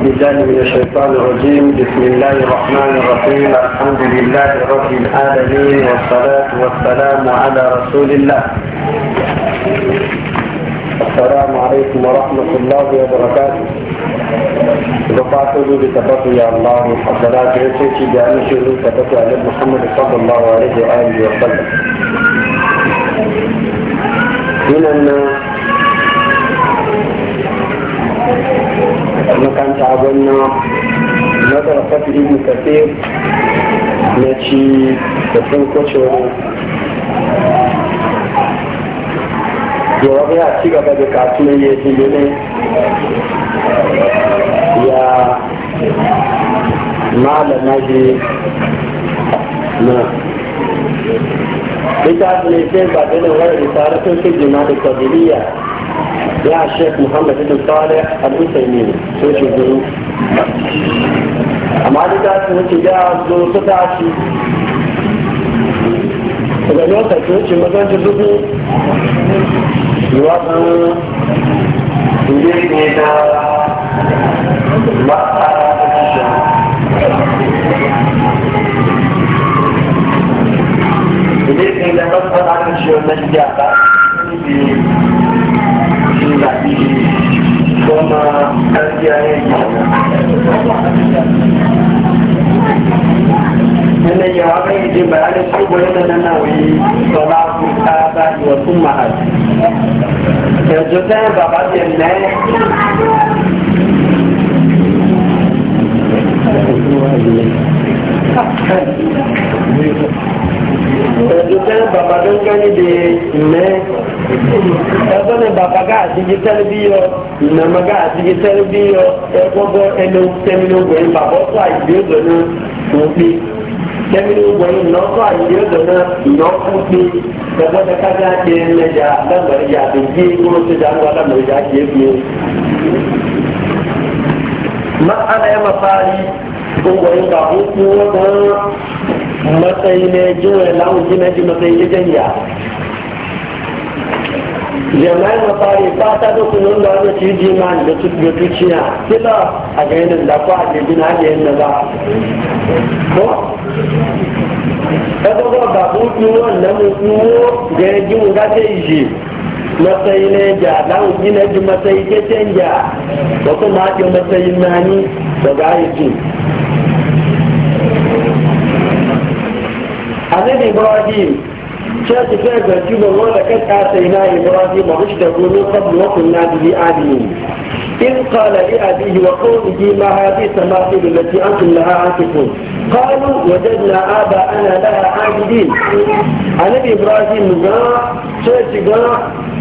بالله من الشيطان الرجيم بسم الله الرحمن الرحيم الحمد لله رب العالمين والصلاة والسلام على رسول الله السلام عليكم ورحمة الله وبركاته وقاتلوا بتبقى يا الله حضرات والسلام بأن شروع تبقى على محمد صلى الله عليه وآله وسلم من الناس makaranta gwamna na kwafi ibn kafe na ci da sun kwacewa yawa ya ci gaba da kafin ya ji ne ya malama ji na ita ne sai ba da wani risarar sun fi jima da kwabiliya يا الشيخ محمد بن صالح الحسيني سوشي الظروف أما هذا كانت متجاه الظروف تتعشي إذا نوتا سوشي مدن جزوكي يوضع يجيب إذا ما أعرف بإذن الله نصبر عن الشيء المشجع inda kuma gaskiya ne wannan yawa kan yi je bayanin shi nan ta ba yi baba baba ẹgbẹ́ ní bàbá gáà ti di tẹ́lẹ̀ bí yọ ìnàmọ́ gáà ti di tẹ́lẹ̀ bí yọ ẹgbọ́gbọ́ ẹnu tẹ́mínú gbẹ̀yìn bàbá ọ̀tọ̀ àìdí ọ̀dọ̀ náà wọ́n gbẹ̀yìn ẹgbẹ́ ní kájá ti ń lẹ́jà lágbàdìjà àti bí kúrò tó dá lọ́wọ́ lágbàdìjà ti fi. má yẹn ma gbẹ̀yìn bàbá jami'ai mafari fata da kunun da wani ci jima da tuciya kila a ga yanin da ko a jirgin hajjiyin da ba ko kada ba ba buɗi wannan mutuwo ga yajin ga ta yi matsayi ne ja dan gina ji matsayi ke canja da kuma ake matsayin nani da ga yi annabi ibrahim شاك شاك بنتيب الله لكت آتينا إبراهيم رشده من قبل وقلنا به عالمين إذ قال لأبيه وقومه ما هذه التماثيل التي أنتم لها عاكفون قالوا وجدنا آباءنا لها عابدين عن إبراهيم قال شاك قال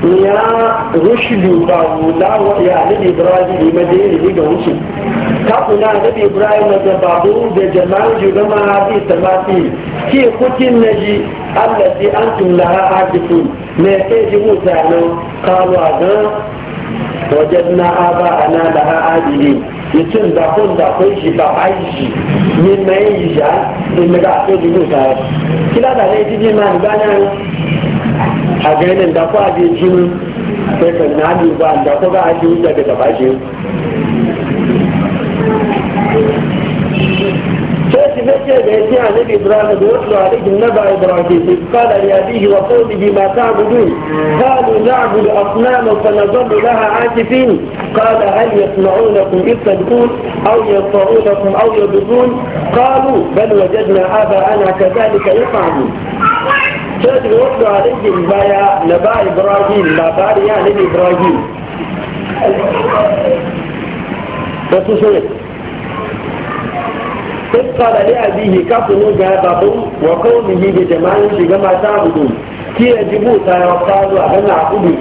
ya rushdu ba wula ya nabi ibrahim ma da yin ga wuce ka kula nabi ibrahim da babu da jama'a juga ma hadi tamati ki kutin naji an antum laha akifun ne ke ji mutanen kawo ga na aba ana laha adilin mutum da kun da kun shi ba a yi shi min mai yi shi a ne ga a so dubu ta kila da ne ji ma ni ba a ganin da kwa je jini sai kan na ne ba da kwa ga ake yi daga gaba ce sai ki fake da ya ce a nabi ibrahim da wasu alikin na ba ibrahim da kala ya bihi wa kawai ma ta gudu kalu na abu da asnamu sanazon laha akifin قال هل يسمعونكم إذ تدعون أو ينصرونكم أو يضرون قالوا بل وجدنا آباءنا كذلك يفعلون sai da wasu alaikin baya na ba ibrahim labari ya nabi ibrahim da su sune sai kada da abihi kafin ga babu wa kawai da jama'in shiga mata hudu ki ya jibu ta yawa faru a gana hudu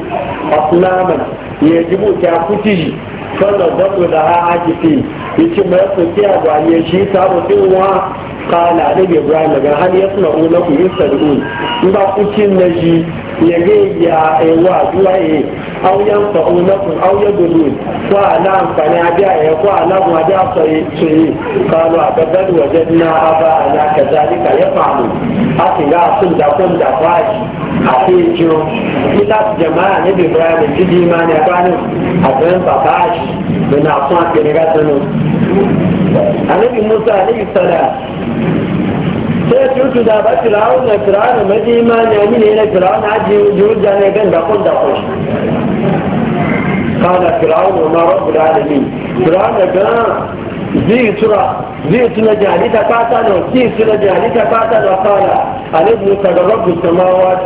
a sulaman ya jibu ta kuti kada zato da ha ake fi yace mai soke a gwaye shi ta mutum wa kala da ibrahim daga hali yasna ulaku yasta'un in ba kukin na shi yage ya ewa zuwa e au yan fa unakun au ya dole ko ala amfani abiya ya ko ala mu abiya so yi so yi kalu abadal wajadna aba ala kazalika ya famu ati ga sun da kun da fashi a tejo ila jama'a ne bi ibrahim ji di imani a bani a ban babashi da na son a kere ga sanu annabi musa alayhi salam sai su yutu da ba firawun na firawun maji imani ya mini na firawun na jirja ne gan da kun da kun kana firawun wa ma rabu da alami firawun da gan zai tura zai tuna jahalita fata na zai tuna jahalita fata na fara alibu ta ga rabu samawa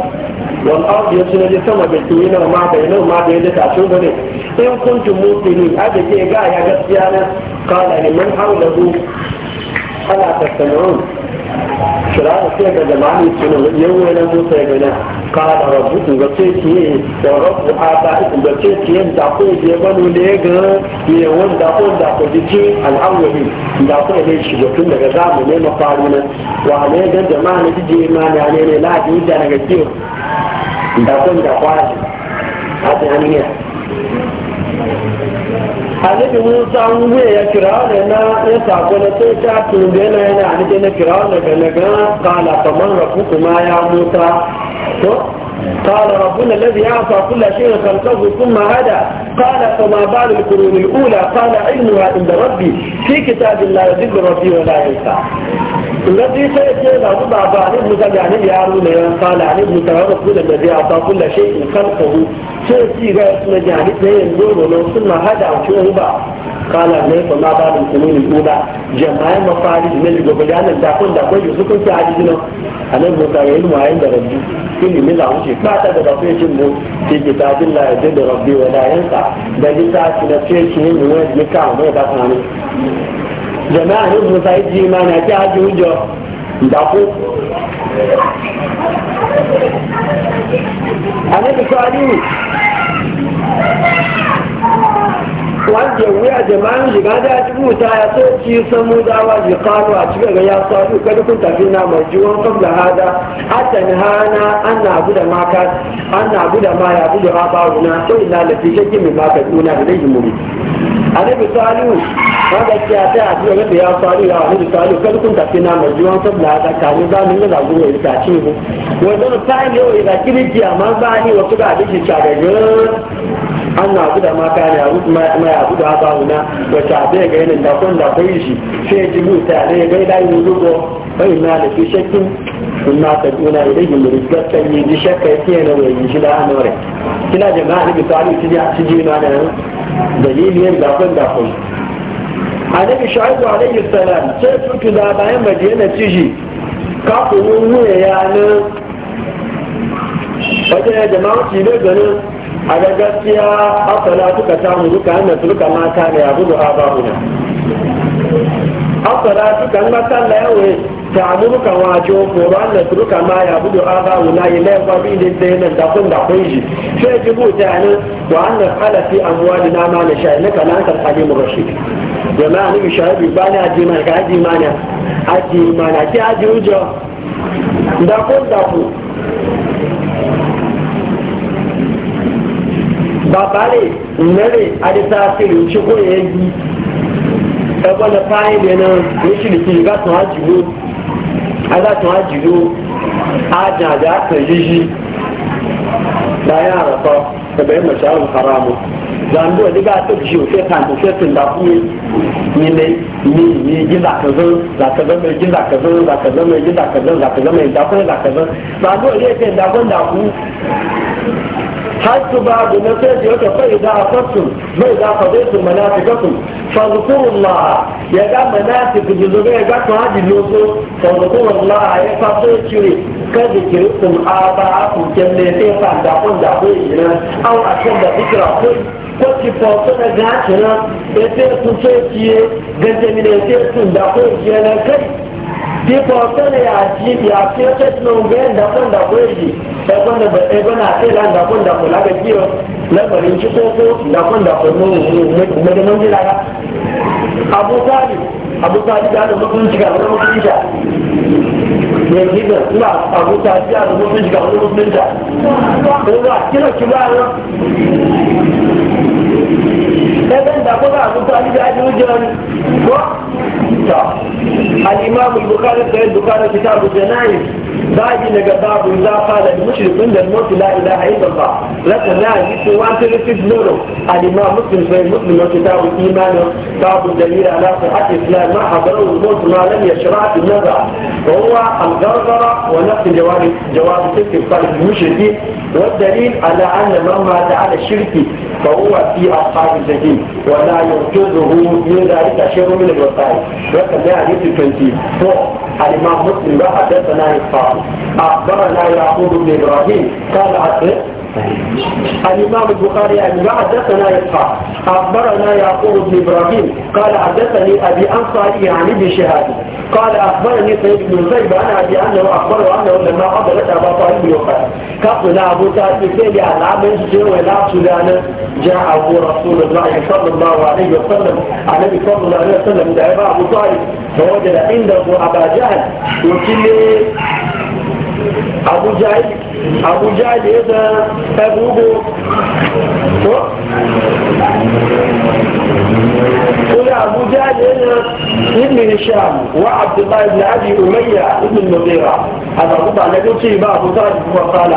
wal ardi yasuna li sama bil tuwina wa ma bainahu ma bayyana ta so bane in kuntum mu'minin a da ke ga ya gaskiya na kana liman hawlahu kana tattalin kira da sai ga jama'a suna yau ne na musa ya gina kada rabu in ga ce ki yi da rabu a ta in ga ce ki yin da ko je banu ne ga ne wanda ko da ko ji ki al'amuri da ko ne shi da tun daga zamu ne mafari na wa ne ga jama'a ne ji ma na ne ne la ji da daga ki da ko da kwaji a ta annabi musa an wuya ya kira da na ya sako na sai ta tunbe na yana annabi na kira da na ga kala kamar rafu ya musa to قال ربنا الذي أعطى كل شيء خلقه ثم هدى قال فما بال القرون الأولى قال علمها عند ربي في كتاب لا يضل ربي ولا ينفع الذي سيأتي له بعض عن ابن تبعني يا أرون قال عن ابن تبعني الذي أعطى كل شيء خلقه سيأتي غير اسم جانب ثم هدى وشوه بعض kala ne fa ma ba bin kununi kuda jama'a mafari ne da gudanar da kun da kwaje su kun ta hadisi nan anan mu tare ilmu ayin da rabbi kin ne za mu ce ba ta da ba sai cin mu fi kitabin la yajid rabbi wa la yansa da gita ki da ce ki ne mu ne ka mu da ta ne jama'a ne mu sai ji ma na ta haji hujjo da ku wanda wuya jama'in shiga da rubuta ya so ci san mu dawa ji karu a cikin ga ya sabu kada kun tafi na marjuwan kabla hada hana an na abu da maka an na abu da ma ya abu da ba ba wuna sai ina lafi shakki mai maka duna da zai yi muri annabi salihu ta ke ta a cikin yadda ya salihu ya annabi salihu kan kun tafi na mai jiwon sabla ya zaka ne za mu yi zagu ya ta ce mu wanda da ta ne wai da kiriji amma ba ni wasu ga abin ta da an na guda ma ka ne a gudu ma ya gudu ba bawu na wacce a zai ga yanin da kun da kai shi sai ji mu ta ne ga da yi rubo bai na da fi shakkin kun na ta duna idan yi murgar kan yi ji shakka ya yake na wai yi shi da hanore kina jama'a ne bi salihu ci ji na da dalilin da abin da kai annabi shu'aibu alaihi salam sai su da bayan madina ciji ka kuma wuya ya na. wajen ya jama'a ci ne ganin a ga gaskiya asala suka samu duka hannun su duka mata ne abu da abahu na asala suka mata na yawon ta'amuruka wajo koro an natruka ma ya budu aba wula yi lai kwa bin din sai nan da kun da kun shi sai ji bu ta ne wa an nafala fi amwalina ma na sha ne kana an kalfani mu rashid yi ni shahidi ba ni aji mana ka aji mana aji mana ki aji ujo da kun da ku babare nare adisa sirri ci ko yayi ebe na fayin da nan ya shi da ke ga sun haji alátún àjìlú ájàn àjà àkàn yíyí láyé àràtọ ẹbẹ mọṣẹ àwọn haramu zandu wani ga ta bishi ofe kan ofe tun da ku ni ne ni ni ji ka zo ka zo mai ji ka zo ka zo mai ji ka zo ka zo mai da ku za ka zo ya ce da da ku حيث بعد النسيج يقول فإذا أخذتم فإذا قضيتم مناسككم فاذكروا الله يقع مناسك الجزوغية يقعتم هذه اللوصو فاذكروا الله يفاصل شوي كذكركم آباءكم كميتين فاندعون دعوين أو أشد ذكركم kóòtù pọ̀tọ́ ẹ̀gá àtúná ẹ̀fẹ́ kùtù ẹ̀kíyé gẹ̀ẹ́sẹ̀mìnà ẹ̀fẹ́ kùndàkó ìjẹ́ ẹ̀lẹ́kẹ́yì dípò sẹ́lẹ̀ àjíbi àti ọ̀sẹ̀ tí ó ń gbé ǹdàkúndàkú èyí ẹgbẹ́ náà àti ìlà ǹdàkúndàkú lábẹ́ bí ọ lẹ́gbẹ̀rẹ́ ń ṣíkó fún ǹdàkúndàkú mẹ́tẹ̀mọ́jì lára. abúkáàlì abúkáàlì bí àdó mọ́tún jìgà lọ́wọ́ mọ́tún jìgà yẹ̀dìgbẹ̀ nígbà abúkáàlì bí àdó mọ́tún jìgà lọ́wọ́ mọ́tún jìgà. òun wà kí ló ti bá wọn. ẹgbẹ́ ǹdàkúndàkú àbúkáàlì bí àdó jẹun الإمام البخاري سيد البخاري كتاب الجنائز باقي لك باب إذا قال المشرك عند الموت لا إله إلا الله لكن لا يجب أن ترفض نوره الإمام مسلم في المسلم وكتاب الإيمان باب الدليل على صحة الإسلام ما حضره الموت ما لم يشرع في النظر وهو الغرغرة ونفس جواب جواب تلك القلب المشرك والدليل على أن من مات على الشرك فهو في أصحاب الجحيم ولا ينقذه من ذلك شيء من الوسائل لكن لا يجب 24 الإمام مسلم حدثنا إسحاق أخبرنا يعقوب بن إبراهيم قال الإمام البخاري أن حدثنا إسحاق أخبرنا يعقوب بن إبراهيم قال حدثني أبي أنصاري عن ابن شهاب قال أخبرني سيد بن زيد عن أبي أنه أخبره أنه لما قبلت أبا طالب يقال كقل أبو طالب سيدي عن العمل جاء لا سلانة جاءه رسول الله صلى الله عليه وسلم النبي صلى الله عليه وسلم دعا أبو طالب فوجد عنده أبا جهل وكل abuja da ne da ebugo أبو جهل ابن هشام وعبد الله بن أبي أمية ابن المغيرة هذا قطع لقلت ما أبو جهل فقال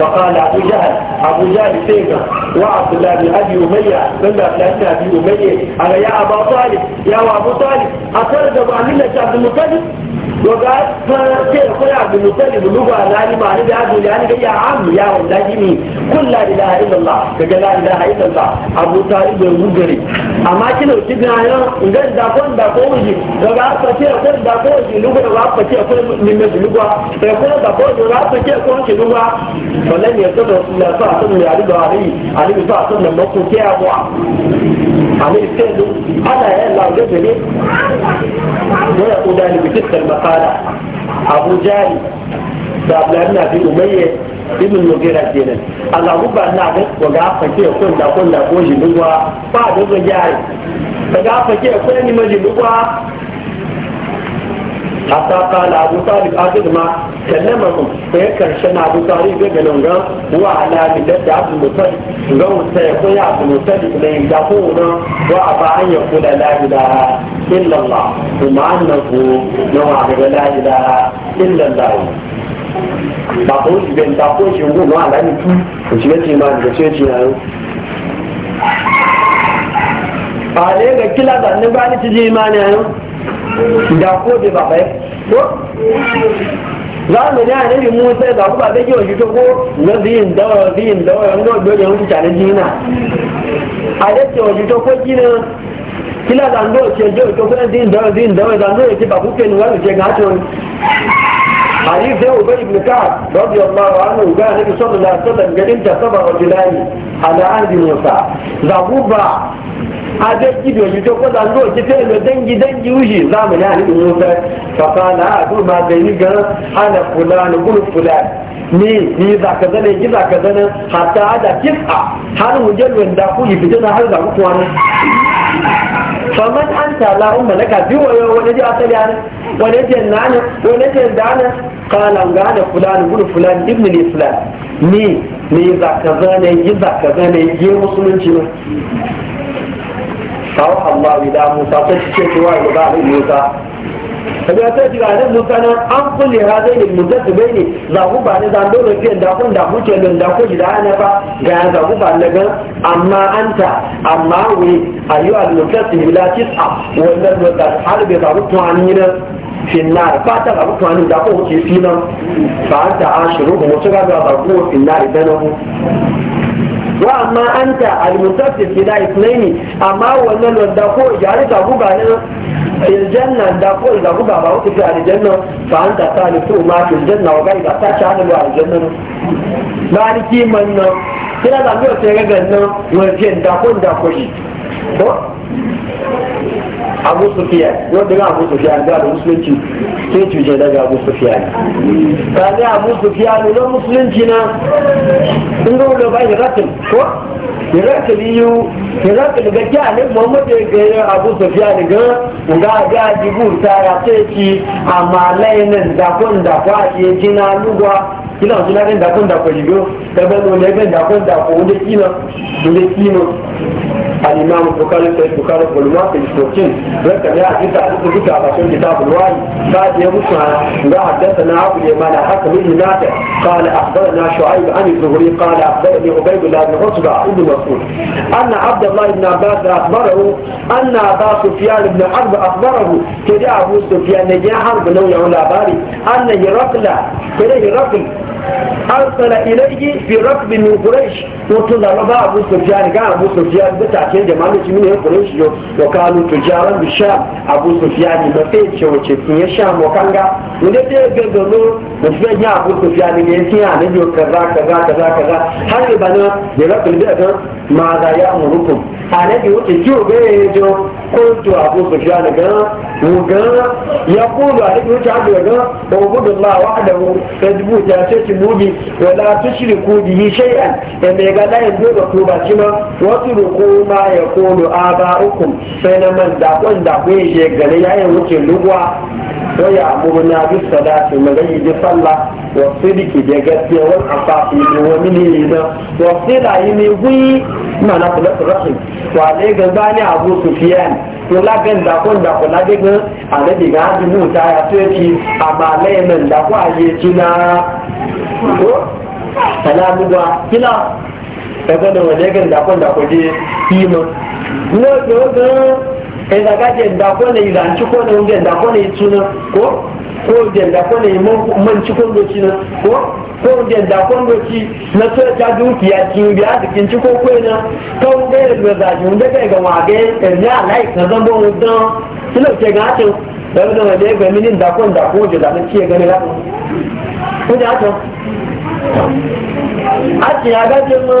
فقال أبو جهل أبو جهل سيدنا وعبد الله بن أبي أمية من أبلاد أبي أمية أنا يا أبا طالب يا أبو طالب أخرج أترجم عن ملة عبد المطلب وقال فكيف قل عبد المطلب لغة لا ما نبي عبد الله يا عم يا ولدي قل لا إله إلا الله فقال لا إله إلا الله أبو طالب المغري أما كنا وتبنا idan da kon da ko wuji da ba ka ce ko da ko wuji lugu da ba ce ko min da lugu da ko da ko wuji ba ka ce ko wuji lugu wannan ya tsada ya sa ke la ga ya bi abu da umayyah ibn mugira kenan Allah ku na ga ga ko da ko da ko duwa ba da ga jari ga fa ko ni ma ji duwa hatta qala abu talib ma karshe na abu talib ga nan ga wa ala da abu mutalib ga wata ya ko ya abu mutalib ne da ko na wa aba an ya kula la kuma annahu nawa ga la bàbá òsì bẹ́ẹ̀ bàbá òsì ògùn náà àlá ní tú òsì méjì máa ń gbèsè èjì náà. àlẹ́ rẹ̀ kílà ne nígbà ní ti di máa ní àyàn ìdàkó de bàbá yẹn tó. zamani a nabi da yau shi togo ziyin dawa ziyin dawa yan gawa dole yanzu tare jina a yadda wa shi togo jina kila zando ce yau togo yan ziyin dawa ziyin dawa zando ya ce ba kuke nuna ce ga حديث ده أبي بن كعب رضي الله عنه وجاء النبي صلى الله عليه وسلم قال أنت صبر رجلان على عهد موسى زعبوبا هذا كده يجوا كذا لو كتير لو دنجي دنجي وجي زمن عهد موسى فقال هذا آه، ما بيني قال أنا فلان وقول فلان ني ني ذا كذا ني ذا كذا حتى هذا كيف da kisa har mu je wanda faman an tala umma laka bi wayo wani ji asali ana wani nana wani dana qala ngana fulani gudu fulani ibn li fulan ni ni za ka zane yi za ka zane yi musulunci ne sawa Allah bi da Musa sai ce cewa ba Musa kaga ta ji ga nan mutana an kulle ha zai ne mutar bai ne za ku ba ne zan dole fiye da kun da ku ce don da ku ji da ana fa ga za ku ba ne gan amma anta amma we ayu al mutassim bila tis'a wannan mutas har bai ba ku tuwani ne finnar ba ta ba ku tuwani da ku ce finan ba ta ashiru mu ta ga ba ku finnar idan ku wa amma anta almutaffif ila isnaini amma wannan wanda ko jari ta guba ne aljanna da ko da guba ba wuce aljanna fa anta ma fil janna wa gaida ta ci hadu aljanna maliki man kira da mu sai ga gannan wajen da ko da ko shi abu sufiya yau daga abu sufiya ga da musulunci sai cuce daga abu sufiya ka ne abu sufiya ne na musulunci na in ga wula bai ratin ko ya ratin yiwu ya ratin ga kya ne muhammadu ya ga abu sufiya ne ga ga ga jibu ta ya ce ki amma lainin dakon dakwa ya jina lugwa kila wasu lainin dakon dakwa jibiyo daban wani yagan da akwai da akwai wani kima wani kima الإمام البخاري في البخاري والما في السوكين ذكر يا حديث حديث ذكر عشان كتاب الوعي بعد يمسها لا حدثنا عبد اليمان حكم بن نافع قال أخبرنا شعيب عن الزهري قال أخبرني عبيد الله بن عتبة بن مسعود أن عبد الله بن عباس أخبره أن أبا سفيان بن حرب أخبره كده أبو سفيان نجي حرب نوع باري أن هرقل كده هرقل أرسل إليه fi rabbi min quraish to to da ba abu sufyan ga abu ji da ta ce da malaci min quraish yo wa kanu tujaran bi sham abu ji sufyan da sai ce wace kin ya sha mo kanga inda dai ga da no da ji ya abu sufyan ne sai ya ne yo kaza kaza kaza kaza har da bana bi rabbi da ga ma da ya murukum yi wuce ki ga yo ko to abu ji sufyan ga ga ya kudu a wuce abu ga ba wa gudun ba wa da ya zubu ta ce ci mugi ya da ta yi shay'an ya mai ga da yanzu ga ko ba ma wasu da ko ma ya kudu a ba uku sai na man da kun da ku yi gare ya yi wuce lugwa ko ya amuru na bisa da ce mu gani ji falla wa sidiki da gaske wa afafi ne wa mini da wa sida yi ne gui mana kula rahim wa ne ga gani abu sufiyan ko labin da ko da ko labin ne a da diga mu ta ya so yake amma laimin da ko aje kina ko salamu ba kina daga da waje gan da ko da ko je kima no do do kai da gaje da ko ko jenda ko ne man ci kon doci na ko ko jenda kon doci na to ta dukiya kin biya da kin ci ko ko na to ga da da ji mun daga ga wage ya e like na zan bon don kilo ce ga to da da da ga minin da kon da ko je da ci ga ne ga ko da to a ci ya ga je mu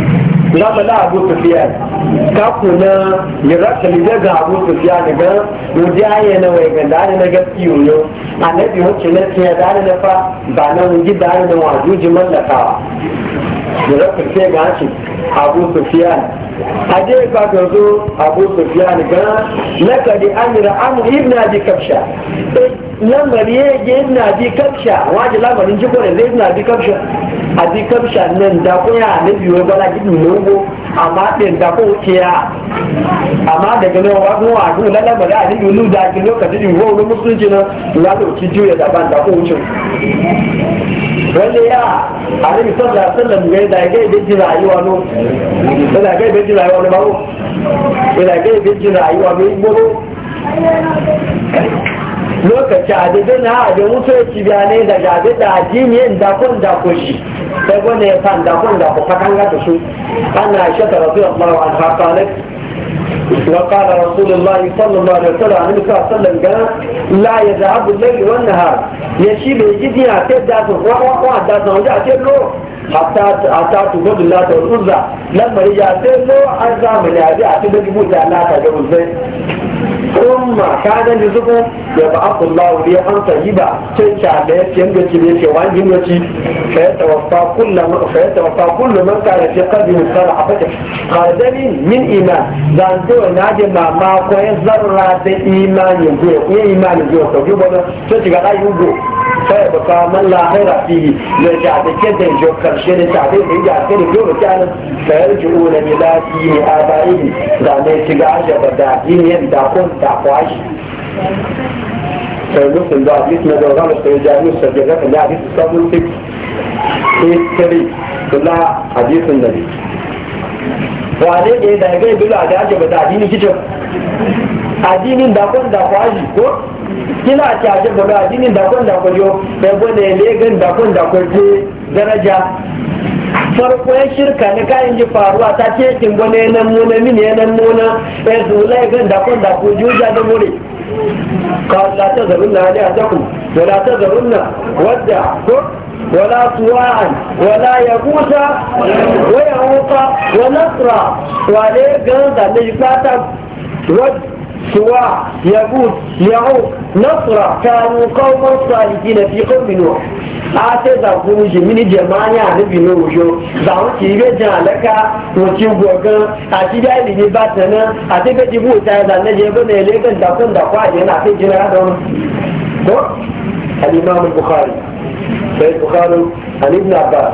zama na abu tafiya ka kuna ya rasa lida ga abu tafiya daga wuje aya na wai ga dare na gaski yoyo annabi wacce na tiya dare na fa ba na wuji dare na wajuji mallakawa ya rasa fiye ga shi abu tafiya je ba ga zo abu tafiya gan na kadi amira amir ibn abi kafsha eh, lamari ya je ibn abi kafsha waje lamarin jibore zai ibn abi kafsha a kẹ́pṣà ní ẹ̀ǹdàkúnyà níbi ìwé bọ́lá gidi lóńgbò àmà da kíá àmà dẹ̀gẹ̀lẹ̀ wà fún àdúgbò lẹ́lẹ́mọ̀lẹ́ àdíjú olùdájú lókàtí ìwé olú mùsùlùmí jìnnà ìyálò tí ju ẹ̀dá bá ẹ̀ǹdàkú wùjọ. wẹ́lẹ̀ yá àdébí sọ́jà sẹ́lẹ̀ da ìdàgẹ́ ìbejì rà ayé wa ló ìdàgẹ́ ìbejì rà ayé wa ló báwò ìdàgẹ́ ìbejì rà ayé wa ló gbóró. lokaci a da na a da mutoci biya ne da gaji da jini yin dakon da ko shi sai gwane ya san dakon da ko fakan ga su ana shi ta rasu yamma wa an haka na wa kada rasu da ma yi sallu ma da sallu a nuka sallan ga la ya da abu lai wannan har ya shi bai ji a ke da su kuma kuma da su wajen a ce lo hatta tu godu la ta wuzza ya ce lo an zamani a ji a ci da dubu da lata ga zai. kuma ka da ni zuwa ya ba Allah da ya anta gida cin ta da ya cin da cin ce wa waci fa ta fa kullu ma ka yi qalbi salah ba ka da ni min iman da ko na da ma ko ya zarra da imani ko imani ko ko ba ta ci ga go kai ba ka man lahira fihi ya ja da ke da jo karshe da ta da ya ke da go ta nan sayar ji ula milati ne abai da ne shiga ba da dinin da kun ta kwashi sai lokacin da hadis na da ramu sai ja mu sai ga da hadis 76 83 kula hadisin wane ne da ga bila da ba da dinin kicin addinin da kon da kwaji ko kina a caje gaba addinin da kon da kwajo bai gwane legan da kon da kwaje daraja farko ya shirka ne ka ji faruwa ta ce kin ne nan muna mini nan muna ya zulai gan da kon da kwajo ja da ku da la ta آلهتكم na wadda ko ولا سواعا ولا يغوث ويعوق ونصرا وعليه قال ذا نجفاتا ود سواع يقول يعوق نصر كانوا قوما صالحين في قوم نوح ate da kuma jimini jama'a ya nabi ne wujo da wani ki be jan alaka wuce gogan a ti da ni ba ta nan a ti ga jibu ta da na je ba ne le kan da kun da kwa yana kai jira da wani ko al-imam bukhari sai bukhari an ibn abbas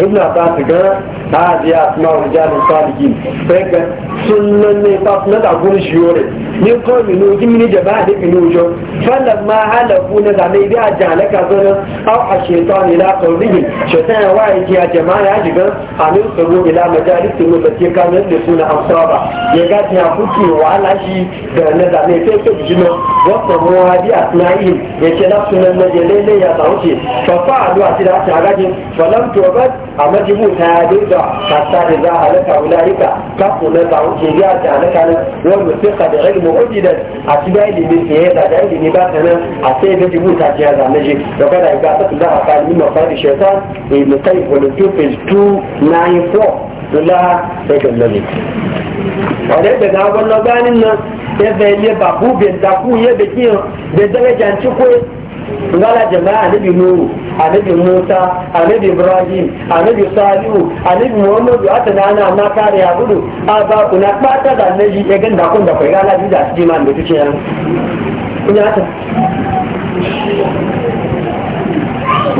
ibn abbas ga hadi asma wa rijal salihin sai ga sunnan ne fa na da gun shiyore ni ko mi no gimi ni jaba da mi no jo falan ma halaku na da ne da jalaka zana aw a shaytan ila qawlihi shaytan wa yake ya jama'a ya jiga amin sabu ila majalis mu da ke kan da suna amsaba ya ga ta kuke wa ala shi da na da ne sai ke jino wa sabu hadi asma'in yake na sunan na jele ne ya tauce fa fa alu a tira ta gajin falam tobat a majibu ta ya dinga hatta da za a laka wulaika kafin na samu ke ya ta na kanin wani mutuka da ilmu ujidan a ci da ilimi ke ya da ilimi ba ta nan a sai da jibu ta ce ya zane shi da kada ya ga za a kani ma fari shaitan ilmi kai wani tufin 294 dula sai kan lori. wadda da na wannan ganin nan ya zai ne ba bubin da ku ya da kiyan da darajanci ko ngala jama'a anabi nuhu anabi musa anabi ibrahim anabi salihu anabi muhammadu ata na ana na kare ya gudu a ba ku na bata da annabi ya ganda kun da kai gala ji da su ji ma da tuce yanzu. ta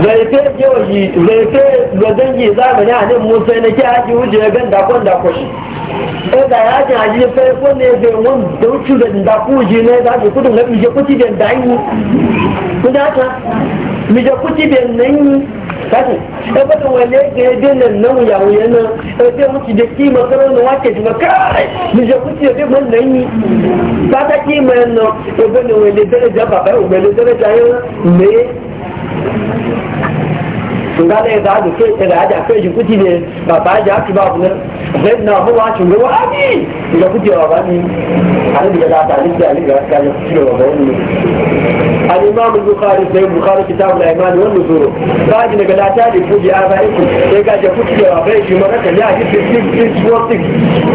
zaife yawayi zaife wajen zamani a nan musa na ke haji wuce gan dakon shi ɗan da ya ji haji sai ko ne zai wani da wuce da daku ji ne za su kudin na mije kuti da dayi kuna ta mije kuti da nan yi kasu ɗan wani ga ke dina nan wuya wuya nan ɗan zai wuce da kima karon da wake ji kai mije kuti da zai nan yi ba ta ma yan nan ɗan wani daraja ba bai wani daraja yan to ga da ya za a da sai da ya kuti ne ba ba ya ji ba abu sai na mu ba shi ruwa abi da kuje wa bani an da da ta lissa ne ga ka da kuje wa bani al imam bukhari sai bukhari kitab al iman wa nuzur kaji daga da ta da kuje a bai ku sai ga da kuje wa bai shi maraka ya ji cikin sporting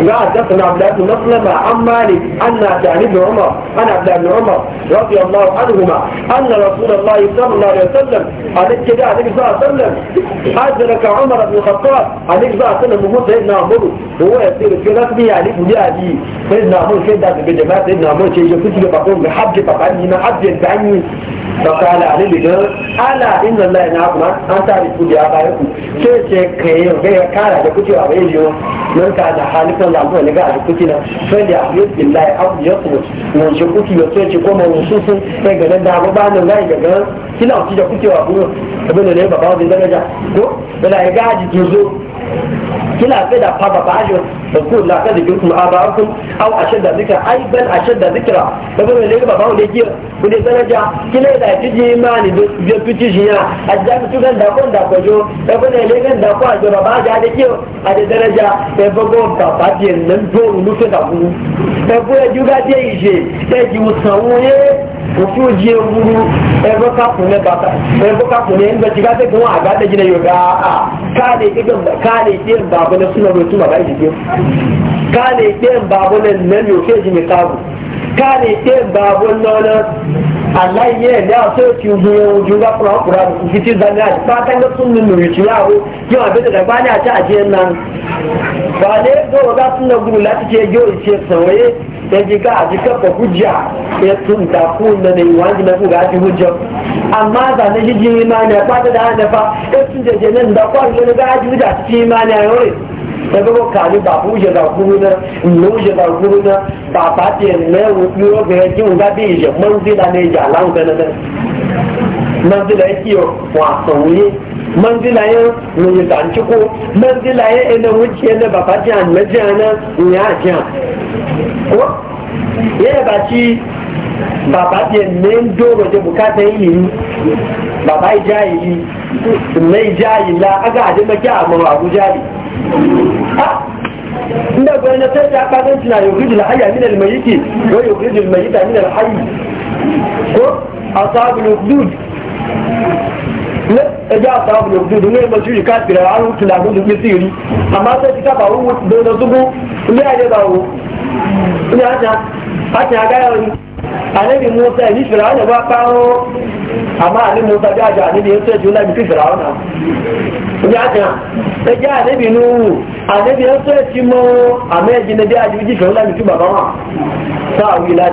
ga da sana abdatu maslama amma ne anna tani da umar ana abdatu da umar رضي الله عنهما أن رسول الله صلى الله عليه وسلم عن اتجاه النبي صلى الله عليه وسلم أدرك عمر بن الخطاب عن اتجاه صلى الله عليه وسلم سيدنا عمر amru wa yasiru fi rasmi ali bi sai na mun sai da sai na mun ce je kuci ga bakon ga na kala da ala inna allahi na kuma an ku ce kai ga ya kara da kuci a bai nan ka da halikan da ga da kuci na sai da abiyat billahi abu ya ku mun kuci ya ce kuma mun su sun sai ga da ba nan ga ga kila ku da kuci abin da ne daraja ko bala ya zo kina sai da fa baba ajo da ku la ka zikin kuma abaakum aw ashadda zikra ay bal ashadda zikra da ba ne ku kina da tiji imani da tiji jiya ajja ku da da jo da ne da ajo ja da kiyo a da daraja da ba go da ba nan do mu da ku da ku ya juga je ji mu sawo ye ku ebo ka kune baka ebo ka kune in bajiga da kuma a gada gina yoga a ka ne idan ka ne idan na suna rutu ba ji ka ne idan babu na nan yo ke ji mi sabu ka ne idan babu na na Allah ye ne a so ki bu ju ga kura kura ki ti da na ta ta ga sun nu yu ya wo yo a bada da ba ne a ta a je nan ba ne go ga sun na guru la ti je yo ce ye. sai ji ka kafa hujja ya tun ta kun da ne wani na ku ga aji hujja amma da na jiji da hana fa ya tun da jinin da kwan yana ga aji hujja cikin imani ya yore ta gaba ba ku da ku da ku ba ba ga ga bi ne da nan e manzilayen wani zanci ko manzilayen ina wuce na ba fati an majiya na ya ajiya ko yana ba ci ba fati ne ndo waje bukata yi ba ba yi ne jahila aga aje maki a mawa abu jari inda gwai na sai ta kagan tuna yukridul hayya min almayyiti wa yukridul mayyita min alhayy ko asabul hudud ẹjọ́ a olùdókòdò ní ẹgbẹ́ ṣúrì káàkiri àrùn tún làwọn olùgbé sí rí àmọ́ tó ti sábà owó dọ́dọ́ tó kú ilé àjẹbà wo ilé àjà àti àgáyọ̀ ni. anabi musa yi firawuna ba kawo amma anabi musa bi ajo anabi yesu eju na bifi firawuna oye aja eja anabi nuhu anabi yesu eji mo ama eji na bi ajo bifi firawuna bifi baba wa sa awi la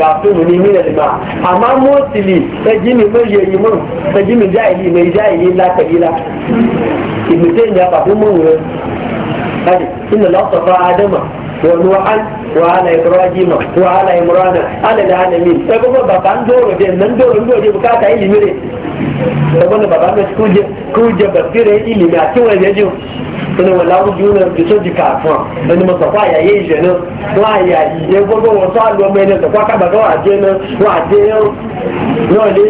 ya fi mu ni mi na lima amma mosili eji mi mo yeyi mo eji mi jaili mi jaili la kabila ibùdó ìyá bàbá mọ̀ wọ́n. Ẹ ǹ lọ́sọ̀fọ̀ Adama. wa nuhan wa ala ibrahim wa ala imran ala alamin sai kuma baban doro den nan doro ndo je buka ta ilimi ne sai kuma baban da ku je ku ilimi a cikin wani jeju sai wala ku ji wannan ki so ji ka fa dan mu safa ya yi je ne wa ya yi je gogo wa sa lo mai ne da kwa ka ba wa je ne wa je ne no ne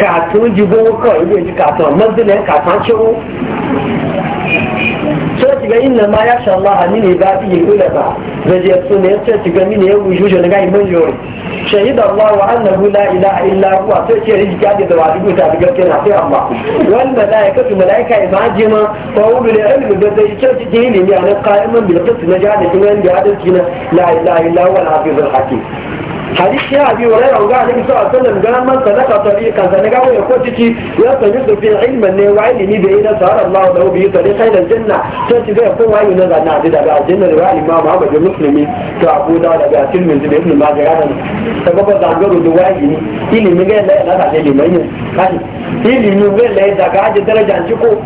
ka tun ji gogo ka yi ji ka fa mazdin ka fa ciwo ga inna ma ya sha Allah min ibadihi ulama da je sunne ya ce ga min ya wuju je ga iman yo shahida Allah wa annahu la ilaha illa huwa sai ce rijka da wajibi ta ga kenan sai Allah wal malaikatu malaika imajima fa ulul ilmi da zai ce ce ilimi ana qa'iman bil qist na jahilin da adalci na la ilaha illa huwa al hakim hadisi ya abi wurai rauga a nabi a alaihi wasallam man sadaka tariqa zanaga wa ya kwaci ci ya sami fi ilmin ne wa da yana sa'ar Allah da ubi tariqa janna sai ci zai kowa yana da na da ga janna da imam Ahmad muslimi to Abu Dawud da Tirmidhi da Ibn Majah da wayi ilimi ga da da ilimi ne ga da ga da daraja ci ko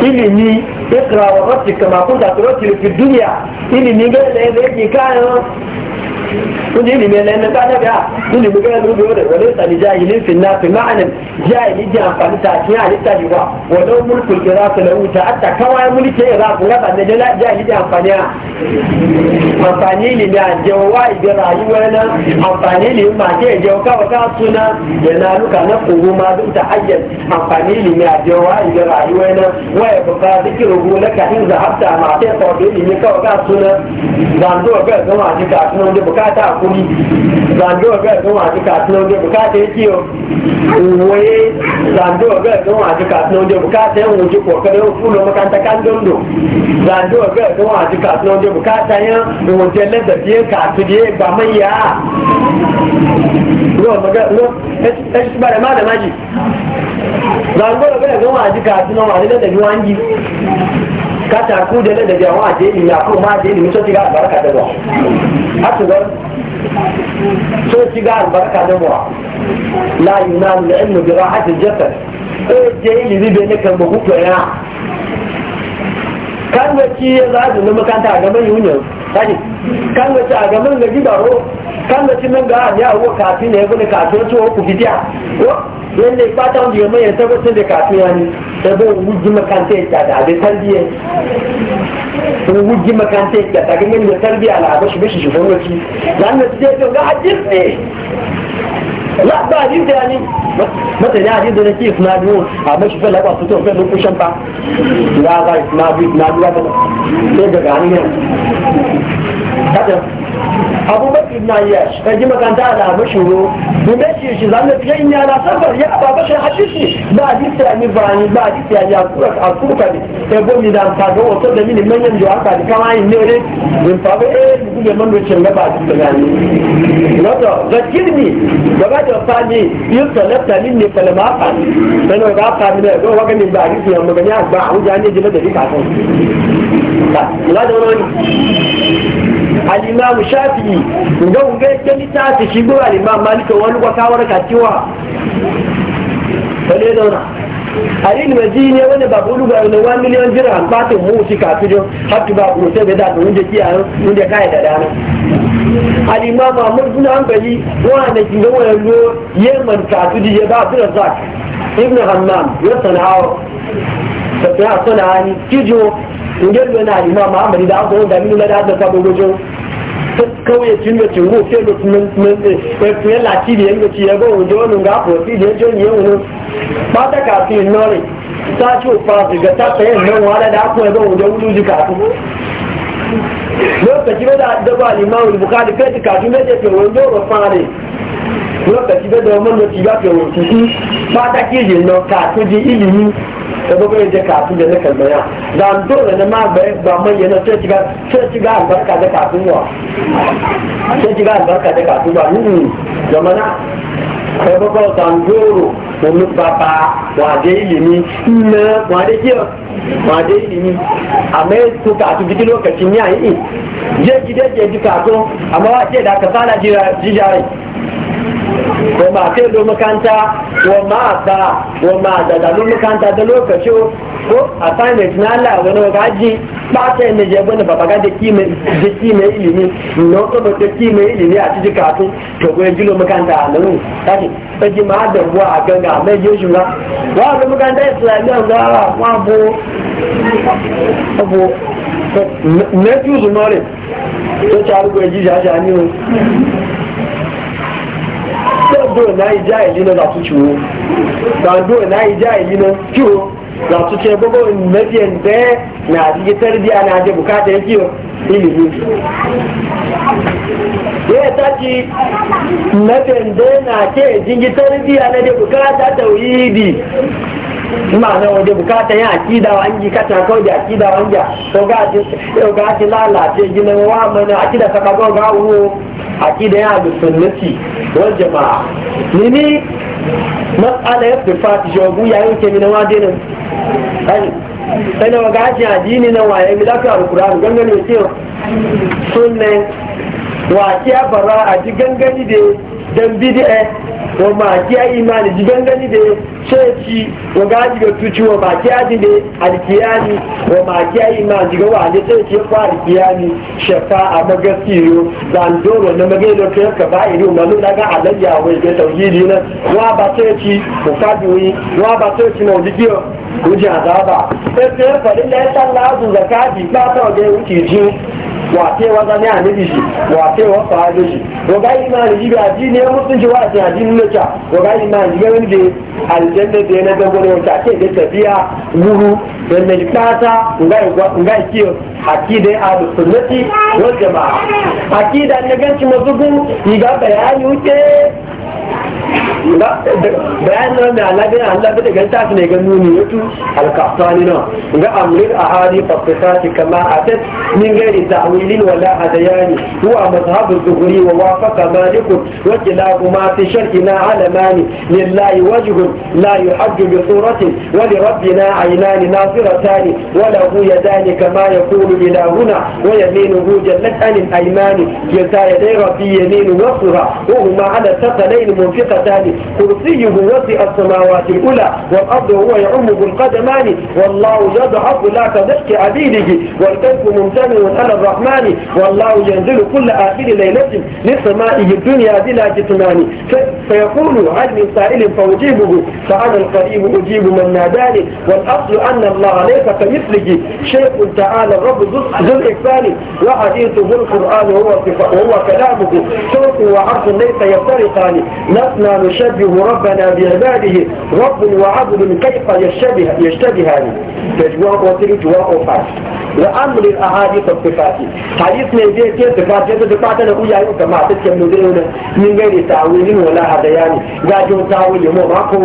ilimi ikra wa rabbika ma kunta fi dunya ilimi ga da kun ilimi na yana ka daga ilimi ga yanzu biyu da wani tsani jahilin finna fi ma'anin jahili ji amfani ta ci ya lita ji ba wani mulkul kira su na wuta hatta kawai mulki ya za ku raba na jahili ji amfani a amfani ilimi a jawa ibi rayuwar na amfani ilimi ma ke jawa kawai ka suna yana luka na kogo ma duk ta hanyar amfani ilimi a jawa ibi rayuwar na waya buka zikiru gona ka hin zahabta ma ta kawai ilimi kawai ka suna zanzuwa ga zama a jika suna wanda bukata a kuri zando ga don wa ji kasu na bukata yake yo waye zando ga don wa ji kasu na bukata yan wuce kokarin fulo makanta kan dondo zando ga don wa ji kasu na bukata yan wuce ladda biye kasu biye ba manya no maga ma da maji zando ga don wa ji kasu na da biwangi kata ku da da jawo a ni ya ko ma ni mutum shiga albarka da wa haka ga so shiga albarka da wa la yunalu la bi rahatil jasad eh jeli ribe ne kan buku ya kan gaci ya za su na makanta a gaban union sani kan a gaban ga gidaro kan gaci nan ga a a wo kafi ne gune kafi wato wa ku fitiya ko yadda ya fata wanda ya mayar tabbatar da kafi ya ne da zai wujji makanta ya kyata a abin tarbiyya sun wujji makanta ya kyata ga mai tarbiyya al'abashi bashi shi gwamnati zanen su je ga ne la ba na da yani A ne hadisi da nake isnadu amma shi fa lagwa fito fa lokacin shan fa la ba isnadu isnadu ba sai ga ni ne kada abubakar ibn ayyash ka ji makanta a labar shiro domin shi shi zan da fiye in yana safar ya ba bashi hadisi ba hadisi ya ni ba ni ba hadisi ya ya kura a kuka ne ya gomi da amfani wato da mini manyan da aka da kama yin ne ne in fa ba eh mu gube man da cin gaba da gani wato da kirmi da ba da fani yin salata min ne kalma fa sai na ga fa ne ga waga ba hadisi ya ni ba ne jiba da dika sai ba ila da wani alimamu shafi'i ga ga ta littafi shi gura imam malika wani kwa kawar kaciwa wale zauna alin maji ne wani babu luga ne wani miliyan jirhan batin mu shi kafijo hatta ba ku sai da mun je kiyaye mun je kai da dana alima mahmud bin hanbali wanda ki ga wani lo yemen kafi ya ba su da zak ibn hammam ya sana'a ta ta sana'a ni kijo ngel be na imam amari da ko da min da da sabo gojo kawai tun da tun go ti de ngo ti e go jo nu ga po ti de jo ni yau ba ta ka fi nore ta ci fa ga ta ta yin nan wala da ko e go jo wulu ji ka ko lokaci da da ba imam bukhari fe ka tun da ke wonjo ro da ilimi da bugu je kafin da na ya da an dole na ma ba mai yana sai shiga sai shiga albarka da kafin wa sai shiga albarka da kafin wa ni hmm. zamana da bugu da an doro wani baba wade ilimi na wade kiyo wade ilimi a mai ka kasu jiki lokacin yayi je gide je ji kaso amma wa ce da ka fara jira wa ma kai do makanta wa ma ba wa ma da da makanta da lokaci ko assignment na Allah wani gaji ba ta ne je bane baba ga da kima da kima ilimi no ko ba da kima ilimi a cikin kafin to go jilo makanta nan kace sai ma da buwa a ganga mai je shi ba wa da makanta islamiya ga wa bo bo ne ju zumare to ta rugo ji ja ja ni dole na yi jahili na za ciwo ba na yi jahili na ciwo za su ce na da na cikin tarbiya na bukata ya kiyo ilimi ya ta ci da na ke jingin na bukata tauhidi ima nan waje bukata yin akida wa kata da akida wa anja to ga ga gina wa mana akida ga akida ya da sunnati wal jama'a ni ni mas'ala ya fi fati jogu ya yin ke sai na addini nan waye mi da ka alquran ne ce sunne wa abara a ji gangani da dan bid'a wa ma kiya imani jigan gani da sheci wa gaji ga tuci wa ma kiya ji da alkiyani wa ma kiya imani jiga wa ne sai ce kwa alkiyani shafa'a magasiyo zandoro na magailo to ka ba iri ma lu daga alayya wa ga tauhidi na wa ba sheci ko kaduyi wa ba sheci na jikiyo ko ji azaba sai sai fa lillahi sallahu zakati ba ta ga wuce ji wa wace wata ne a nufi shi wa wace wata hajo shi yi imani ji ga ji ne mutunci wa ta ji nuna ta roga imani ji ga wani da aljanna da yana dago ne wata ce da tafiya wuru da na kata nga ki akidai abu sunnati wal jama'a akida ne ganci mazugu ni ga bayani wuce ba bayan nan da Allah bin Allah bin ga ta ne ga nuni yato al-qahtani na ga amrin ahadi fasati kama atat min gairi ta'wilin wala hadayani huwa mazhab az-zuhri wa wafaqa malik wa kilahuma fi shar'ina alamani lillahi wajhun la yuhajju bi suratin wa li rabbina aynani nasiratan wa lahu yadani kama yaqulu ilahuna wa yaminuhu jannatan aymani yata yaday rabbi yaminu wasra وهما على الثقلين منفقتان كرسيه وطئ السماوات الأولى والأرض هو يعمه القدمان والله يضعف لا كدفك عبيده والكلب ممتنع على الرحمن والله ينزل كل آخر ليلة لسمائه الدنيا بلا جثمان فيقول عن من سائل فأجيبه فأنا القريب أجيب من ناداني والأصل أن الله ليس كمثله شيء تعالى الرب ذو الإكفان وحديثه القرآن هو, هو كلامه صوت وعرض ليس يفترقان نسنا نشاء يشبه ربنا بعباده رب وعبد كيف يشبه هذه تجوا قوتين جوا قفاس لأمر الأحاديث الصفاتي حديث من ذي كيف صفات يد صفات أنا أقول يوم أيوة كما تتكلم مدرون من غير تعويل ولا هديان جاجون تعويل يوم معكم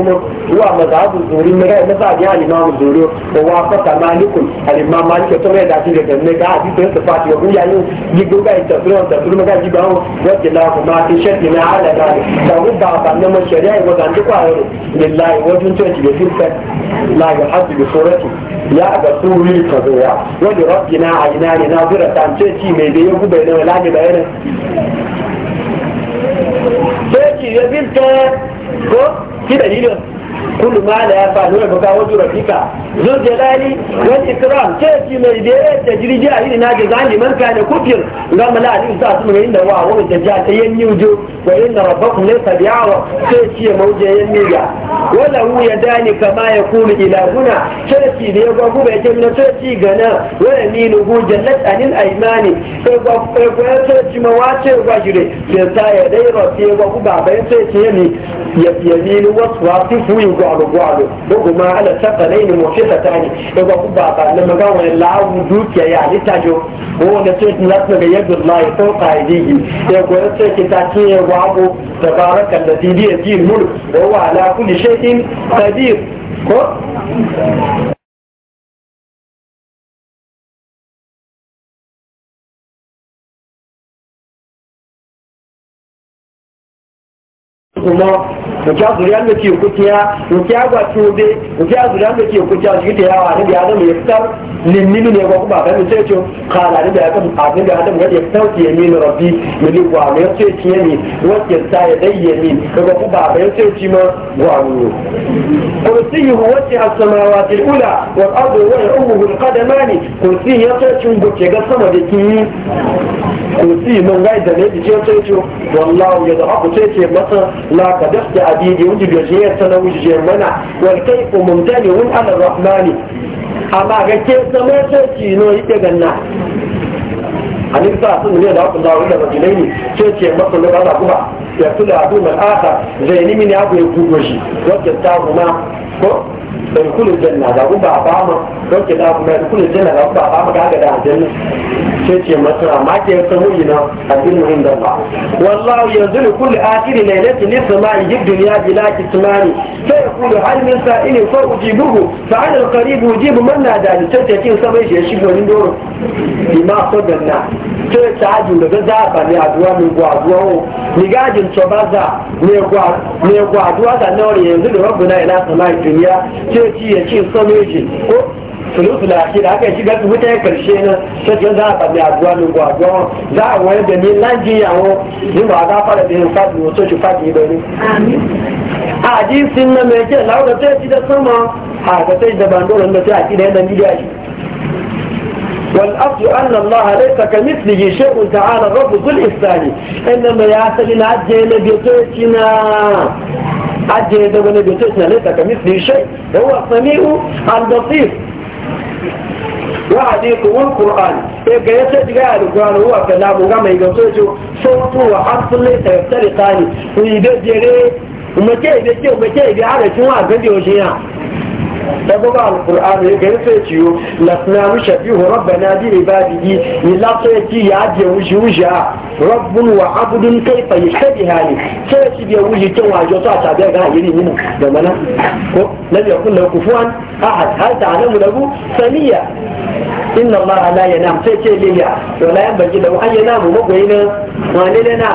هو مذهب الزوري ما غير مذهب يعني هو الزوري هو ما ووافق مالك ما مالك يتوم يدعي لك أنك حديث الصفات يقول يوم أيوة. يقول بأي ما تفسير مقال هو وجه الله ما في شكل على ذلك لو بعض أنما wani shari'a ya wata duk wani lillahi wajen cewa da firka la ya haɗu da surati ya ga suri ka zoya wani rabbi na a ina ne na zira ta ce ci mai da ya guba yana wala ne bayanin ce ci ya firka ko ki dalilin kullu ma la ya faru ga kawo jurafika zur jalali wal ikram ce ki mai da ya tajriji a irin naje zani man ka ne kufir ga mala ali sa su mai inda wa wani da ja ta yanni ujo wa inna rabbakum laysa bi'awa ce ki mai je yanni ga wala hu ya dani kama ya kulu ila guna ce da ya ga ku bai kin ce ki ga na wa ni nu hu jallat anil aymani ko ga ko ma wa ce sai ya dai rafi ga ku ba bai ce ki wasu wa fi بعض بعض بقوا على ثقلين موشفتان يبقى قبعة لما قاموا يلعبوا دوكيا يعني تاجو هو نسيت نسمع يد الله فوق أيديه يقول نسيت تاكيه وعبو تبارك الذي بيده الملك وهو على كل شيء قدير kuma nke azuri an da ke kutiya nke agwa tobe nke azuri an da ke kutiya shi ta yawa ne da adam ya fitar limmini ne ko kuma kan sai ce kala ne da adam abin da adam ya fitar ke ne na rabbi mili wa ne sai ce ne wacce ta ya dayye ne ko kuma ba ya sai ce ma wa ne kursiyyu wacce as-samawati al-ula wal ardu wa ya'uhu al-qadamani kursiyyu ya sai ce goke ga sama da ki kursi mun ga da ne ji sai ce wallahu ya da haku sai ce masa la kadasta الحديد وجب يجيه سنوج جرمنا والكيف ممتنع على الرحمن أما كيف سمعت sa sun ne da haka da wanda rajulai ne ce ce masa na bada kuma ya tula abu mai aka zai ni mini abu ya kugo shi ta kuma ko ɗarkul janna ba ku ba a ba mu don ke ɗaku mai ɗarkul janna ba ku ba a ba mu ga ga da aljanna ce ce masra ma ke yasa mu yi na abin muhim da ba wallahu yanzu da kulli akiri ne ne tuni samani yi duniya bi la ki samani sai ya kulli hal min sa ini fa uji buhu fa an al qaribu uji bu man na da ni ce ce kin samai shi ya shigo ni doro ima ko janna ce ta ajin da za ba ni aduwa mi gwa aduwa o ni gajin tsobaza ne gwa ne gwa aduwa da nore yanzu da rabbuna ila samai duniya ceci ya ce someji ko sulusu da ake da aka yi shigar wuta ya karshe na sai za a sami aguwa ne gwagwa za a wani da ni lanji yawo ni ba za fara da yin fadi wato shi fadi ba ne a hadisin na mai ke laura sai yi da sama a ga sai da bandoron da sai a kida yadda bidiyo والأصل أن الله ليس كمثله شيء تعالى الرب ذو الإحسان إنما يعتلنا العجل بيتنا عجل دون بيتنا ليس كمثله شيء هو السميع البصير وحديثه القرآن يبقى يتجاه القرآن هو كلام كما يقصده صوت وحصل يفترقان ويبدأ ومتى ومكيه بيتي ومكيه بيعرف شنو عقد يوشيان تبقى القرآن غير سيتيو لسنا وشبيه ربنا بعباده لا سيتي يعد يوجي وجه رب وعبد كيف يشتبهان سيتي بيوجي توا جوتا بيغا يلي منه دمنا لم يكن له كفوا أحد هل تعلم له سمية إن الله لا ينام سيتي ليه ولا ينبغي له أن ينام مبينا ولنا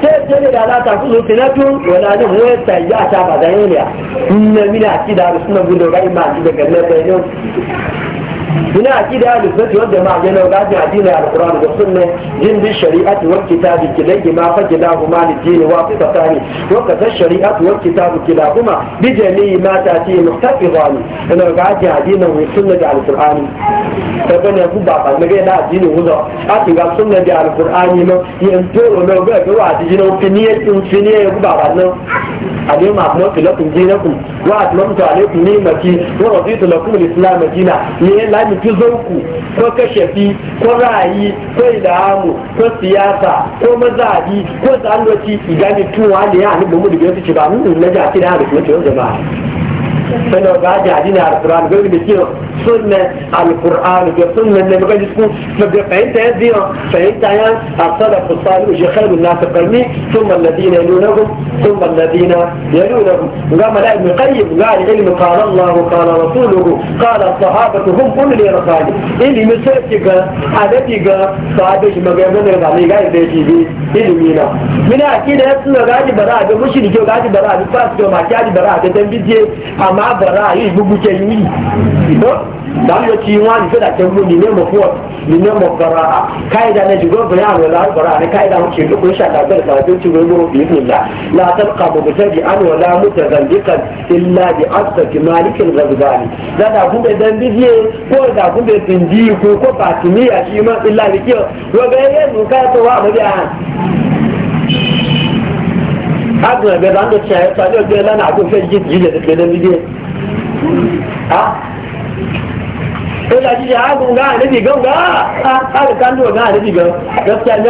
sai ce da za ta su tinatu wala ne mu ya ya ta ba da ne ya inna mina akida sunan gudu ga imani daga nan bayanin هنا أكيد أهل السنة والجماعة جنة وقاعد يعدين على القرآن والسنة جن بالشريعة والكتاب ما فجلاهما للدين واقفة ثاني وقت الشريعة والكتاب كلاهما بجميع ما تأتيه محتفظان أنا وقاعد يعدين والسنة على القرآن فبنا يقول بابا ما قال لا دين أتي قال سنة على القرآن ما ينتور وما قال قواعد جنة وفنية وفنية يقول بابا نو اليوم أبنوك لكم دينكم وأتممت عليكم نعمتي ورضيت لكم الإسلام دينا لأن mu fi zauku ko kashafi ko ra'ayi ko ilhamu ko siyasa ko mazabi ko tsandoci igami tuwa ne ya hannu mu da biyar su ci ba mu na jafi da ya da kuma ciwon jama'a فلو قاعد يعدين على القرآن قلت بسيو سنة على القرآن قلت سنة اللي ما قد يسكون فبقى انت يديو فانت عيان الصدق الصالح وجي خير الناس القرمي ثم الذين يلونهم ثم الذين يلونهم قام لا ابن قيم قال علم قال الله قال رسوله قال الصحابة هم كل اللي رقالي اللي مسيرتك عدتك صحابيش ما قيم من رقالي قال بيشي بي اللي مينا منا اكيد اسمه قادي براد ومشي نجيو قادي براد فاسدو ما كادي براد تنبيدي اما máa bẹ̀rẹ̀ yi, gbogbo jẹ yìí ìdọ́ dáhùn tí wọ́n á fẹ́ràn tẹ́ gbogbo nínú ẹ̀mọ̀ fún ọ nínú ẹ̀mọ̀ bẹ̀rẹ̀ à káyidá ko jùlọ bẹ̀rẹ̀ àwọn ọ̀la bẹ̀rẹ̀ àní káyidá wọn kì í lóko ṣàkà bẹ̀rẹ̀ sàrà tó ti wọ́n lóko bìí nìlá látà kàbọ̀bọ̀ sẹ́bi àná ọ̀la mọ̀tẹ̀ zandika ilá di asọ̀tì máàlìkì zazubani dada fún bẹ dẹ́n bíbí yẹ e, kó dà fún bẹ tìǹdì ikú kó bàtì níyà sí ma ilá nìkí ọ agbọn ẹgbẹ bá ń lọtí ayé tó alẹ́ ọgbẹ́ lánàá àgbo fẹ́ jíjẹ jíjẹ ah, tẹ̀lé lẹ́nu díẹ̀ ha ẹ̀ka jíjẹ àgùn gáà níbi gan gáà àgùn kándò gáà níbi gan lọ́tí ayé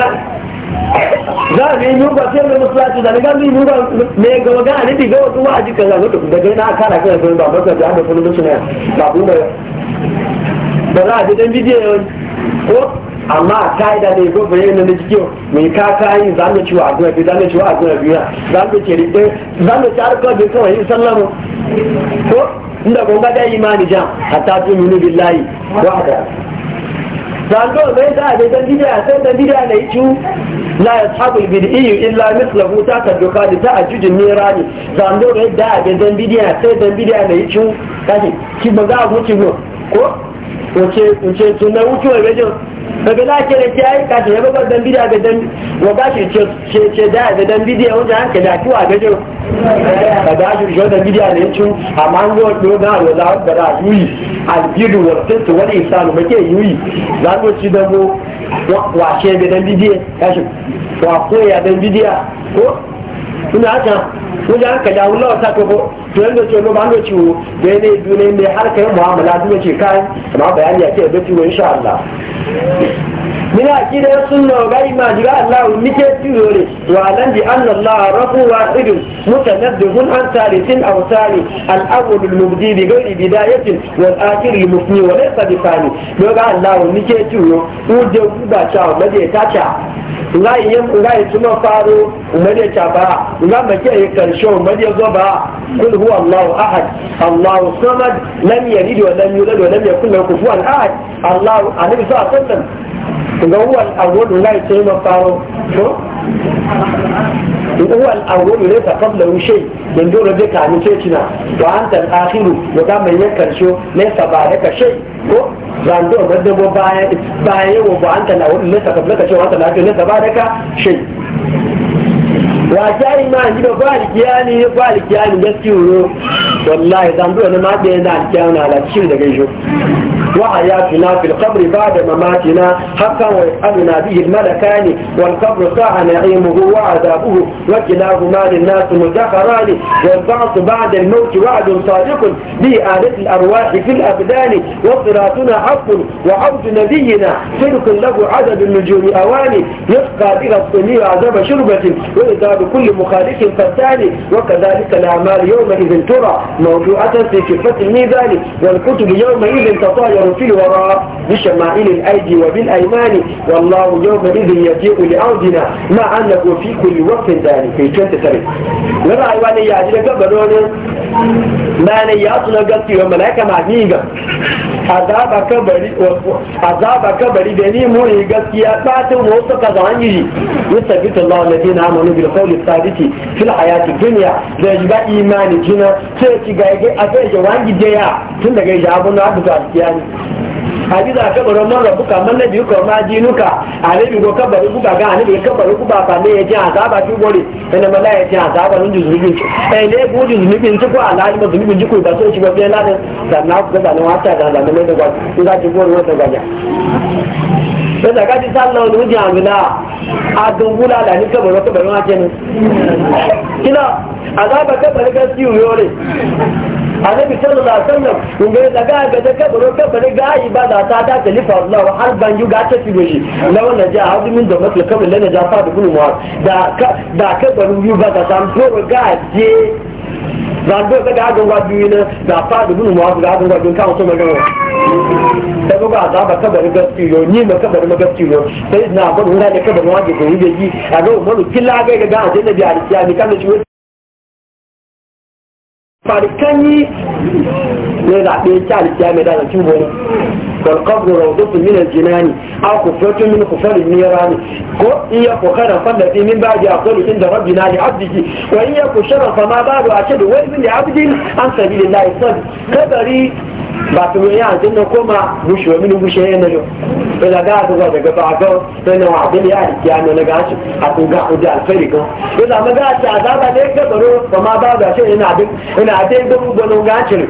gáà mi inú gbà fẹ́ lọ́mọ fúláṣí ìdáni gáà mi inú gbà mẹ́gàn gáà níbi gan tó wà á di kẹ̀lá lọ́tọ̀ gbẹgbẹ́ náà kára kẹ̀lá gbẹgbẹ́ bàbá gbẹgbẹ́ àgbẹ̀ fọlọ́mọṣẹ́ náà Ko. amma a kaida ne ko bare ne ne jiyo mai ka yi zan da ciwa azuwa bi zan ci ciwa azuwa bi zan da ce rike zan da ci arka bi kawai sallama ko inda gonga da imani jam hatta tu minu billahi wahda zan do bai da da dan bidiya sai dan bidiya ne ciu la yashabul iyu illa mithluhu ta taduka da ta ajujin nirani zan do bai da da dan bidiya sai dan bidiya ne ciu kaje ki ba za a wuce ko wace tunan wucewar rajin daga za da ke ayi kashe ya babar dan bidiya ga wa ba shi ce da ga dan bidiya wajen hanka da kiwa ga jiro da ga shi shi dan bidiya ne cin amma an zo do na wa za ga da yuyi albidu wa fitu wal ihsan ba yuyi za ko ci da wa ce ga dan bidiya kashi wa ko ya dan bidiya ko ina haka sun ji haka da Allah ta kafo to yanzu ce no ba no ciwo da ne dune ne har kai mu'amala duk ce kai amma bayani ya ce da ciwo insha Allah mina kidar sunna wa gari ma jiga Allah nike tirore wa lan bi anna Allah rabu wahidun mutanabbihun an tarisin aw tari al awwal al mubdi bi ghairi bidayatin wal akhir al mufni wa laysa bi fani yoga Allah nike tiro uje guba cha ba je ta cha nga yem nga tuma faro ma je cha ba nga ma ke karsho ma je zo ba kul huwa Allah ahad Allah samad lam yalid wa lam yulad wa lam yakul lahu kufuwan ahad Allah alaihi wa sallam ga huwa al-awwal la yatayma faro to huwa al-awwal laysa qablahu da dan dole da ka ni ce kina wa anta al-akhiru wa da mai yankar sho ba da shay ko zando do da da baya baya wa anta al-awwal laysa qablaka shay wa anta ba da wajari ma ji ba falikiya ne ya falikiya ne gaskiya wuro wallahi zan duwa na maɗe yana alkiya na alaƙi da gaisho وحياتنا في القبر بعد مماتنا حقا ويسألنا به الملكان والقبر ساعة نعيمه وعذابه وكلاهما للناس مدخران والبعث بعد الموت وعد صادق بآلة الأرواح في الأبدان وصراطنا حق وعود نبينا صدق له عدد النجوم أواني يسقى بها الصمير عذاب شربة وإذا بكل مخالف فالتالي وكذلك الأعمال يومئذ ترى موضوعة في كفة الميزان والكتب يومئذ تطاير في الوراء بشمائل الأيدي وبالأيمان والله يومئذ يجيء لأرضنا ما أنه في كل وقت ذلك في كنت 23 لما أيواني يعجل قبلون ما نياتنا قلت وملائكة معديقة azaba عذاب كبري عذاب كبري بني gaskiya قلت يا kazan yi yusabbitu Allah الله الذين bil بالقول alqawli sabiti fil hayati dunya da ji ga imani jina sai ci ga ga akai ga wangi da ya tun daga ya abu na abu ta kiyani hadiza ka baro man rabu ka man nabi ko ma jinuka alabi go ka bari buka ga alabi ka bari ku ba ba ne ya ji azaba ki gore kana mala ya ji azaba nun ji zulubi eh ne bu ji zulubi ci ko ji ma zulubi ji ko ba so ci ba sai ladan da na ku ga na wata da da ne da ku za ki gore wata ga da daga ji sallah wani wujen amina a dungula da ni kabarin kabarin wace ne kina azaba kabarin gaski yore annabi sallallahu alaihi wasallam ngai daga ga da kabaro kabari ga ibada ta ta talifa har ban yuga ta tibe shi la wannan ja hadu min fa da san doro ga zando ka da agan gwaji na da fa da bunu mu da agan gwaji kan so magana ta ga ba za ba kabarin gaskiyo ni ma kabarin ma gaskiyo sai na ba mun da kabarin waje ko a ga mu killa ga ga ajin da ya ni kan shi da ɗaya kyalikiya da cikin gona والقبر روضة من الجنان أو كفرة من كفر النيران إن يكو خيرا فالذي من بعد أقول عند ربنا لعبده وإن يكو شرا فما بعد أشد وزن لعبد عن سبيل الله الصدق كبري بعد ما يعني كما بشوى منه بشيء نجو ila ga ga daga ba ga sai na wa bin ya ki an na gashi a ku ga ku da alfari ko ila ma ga ta da ba dai ka baro ba ma ba ga shi ina bin ina dai da mu gono gashi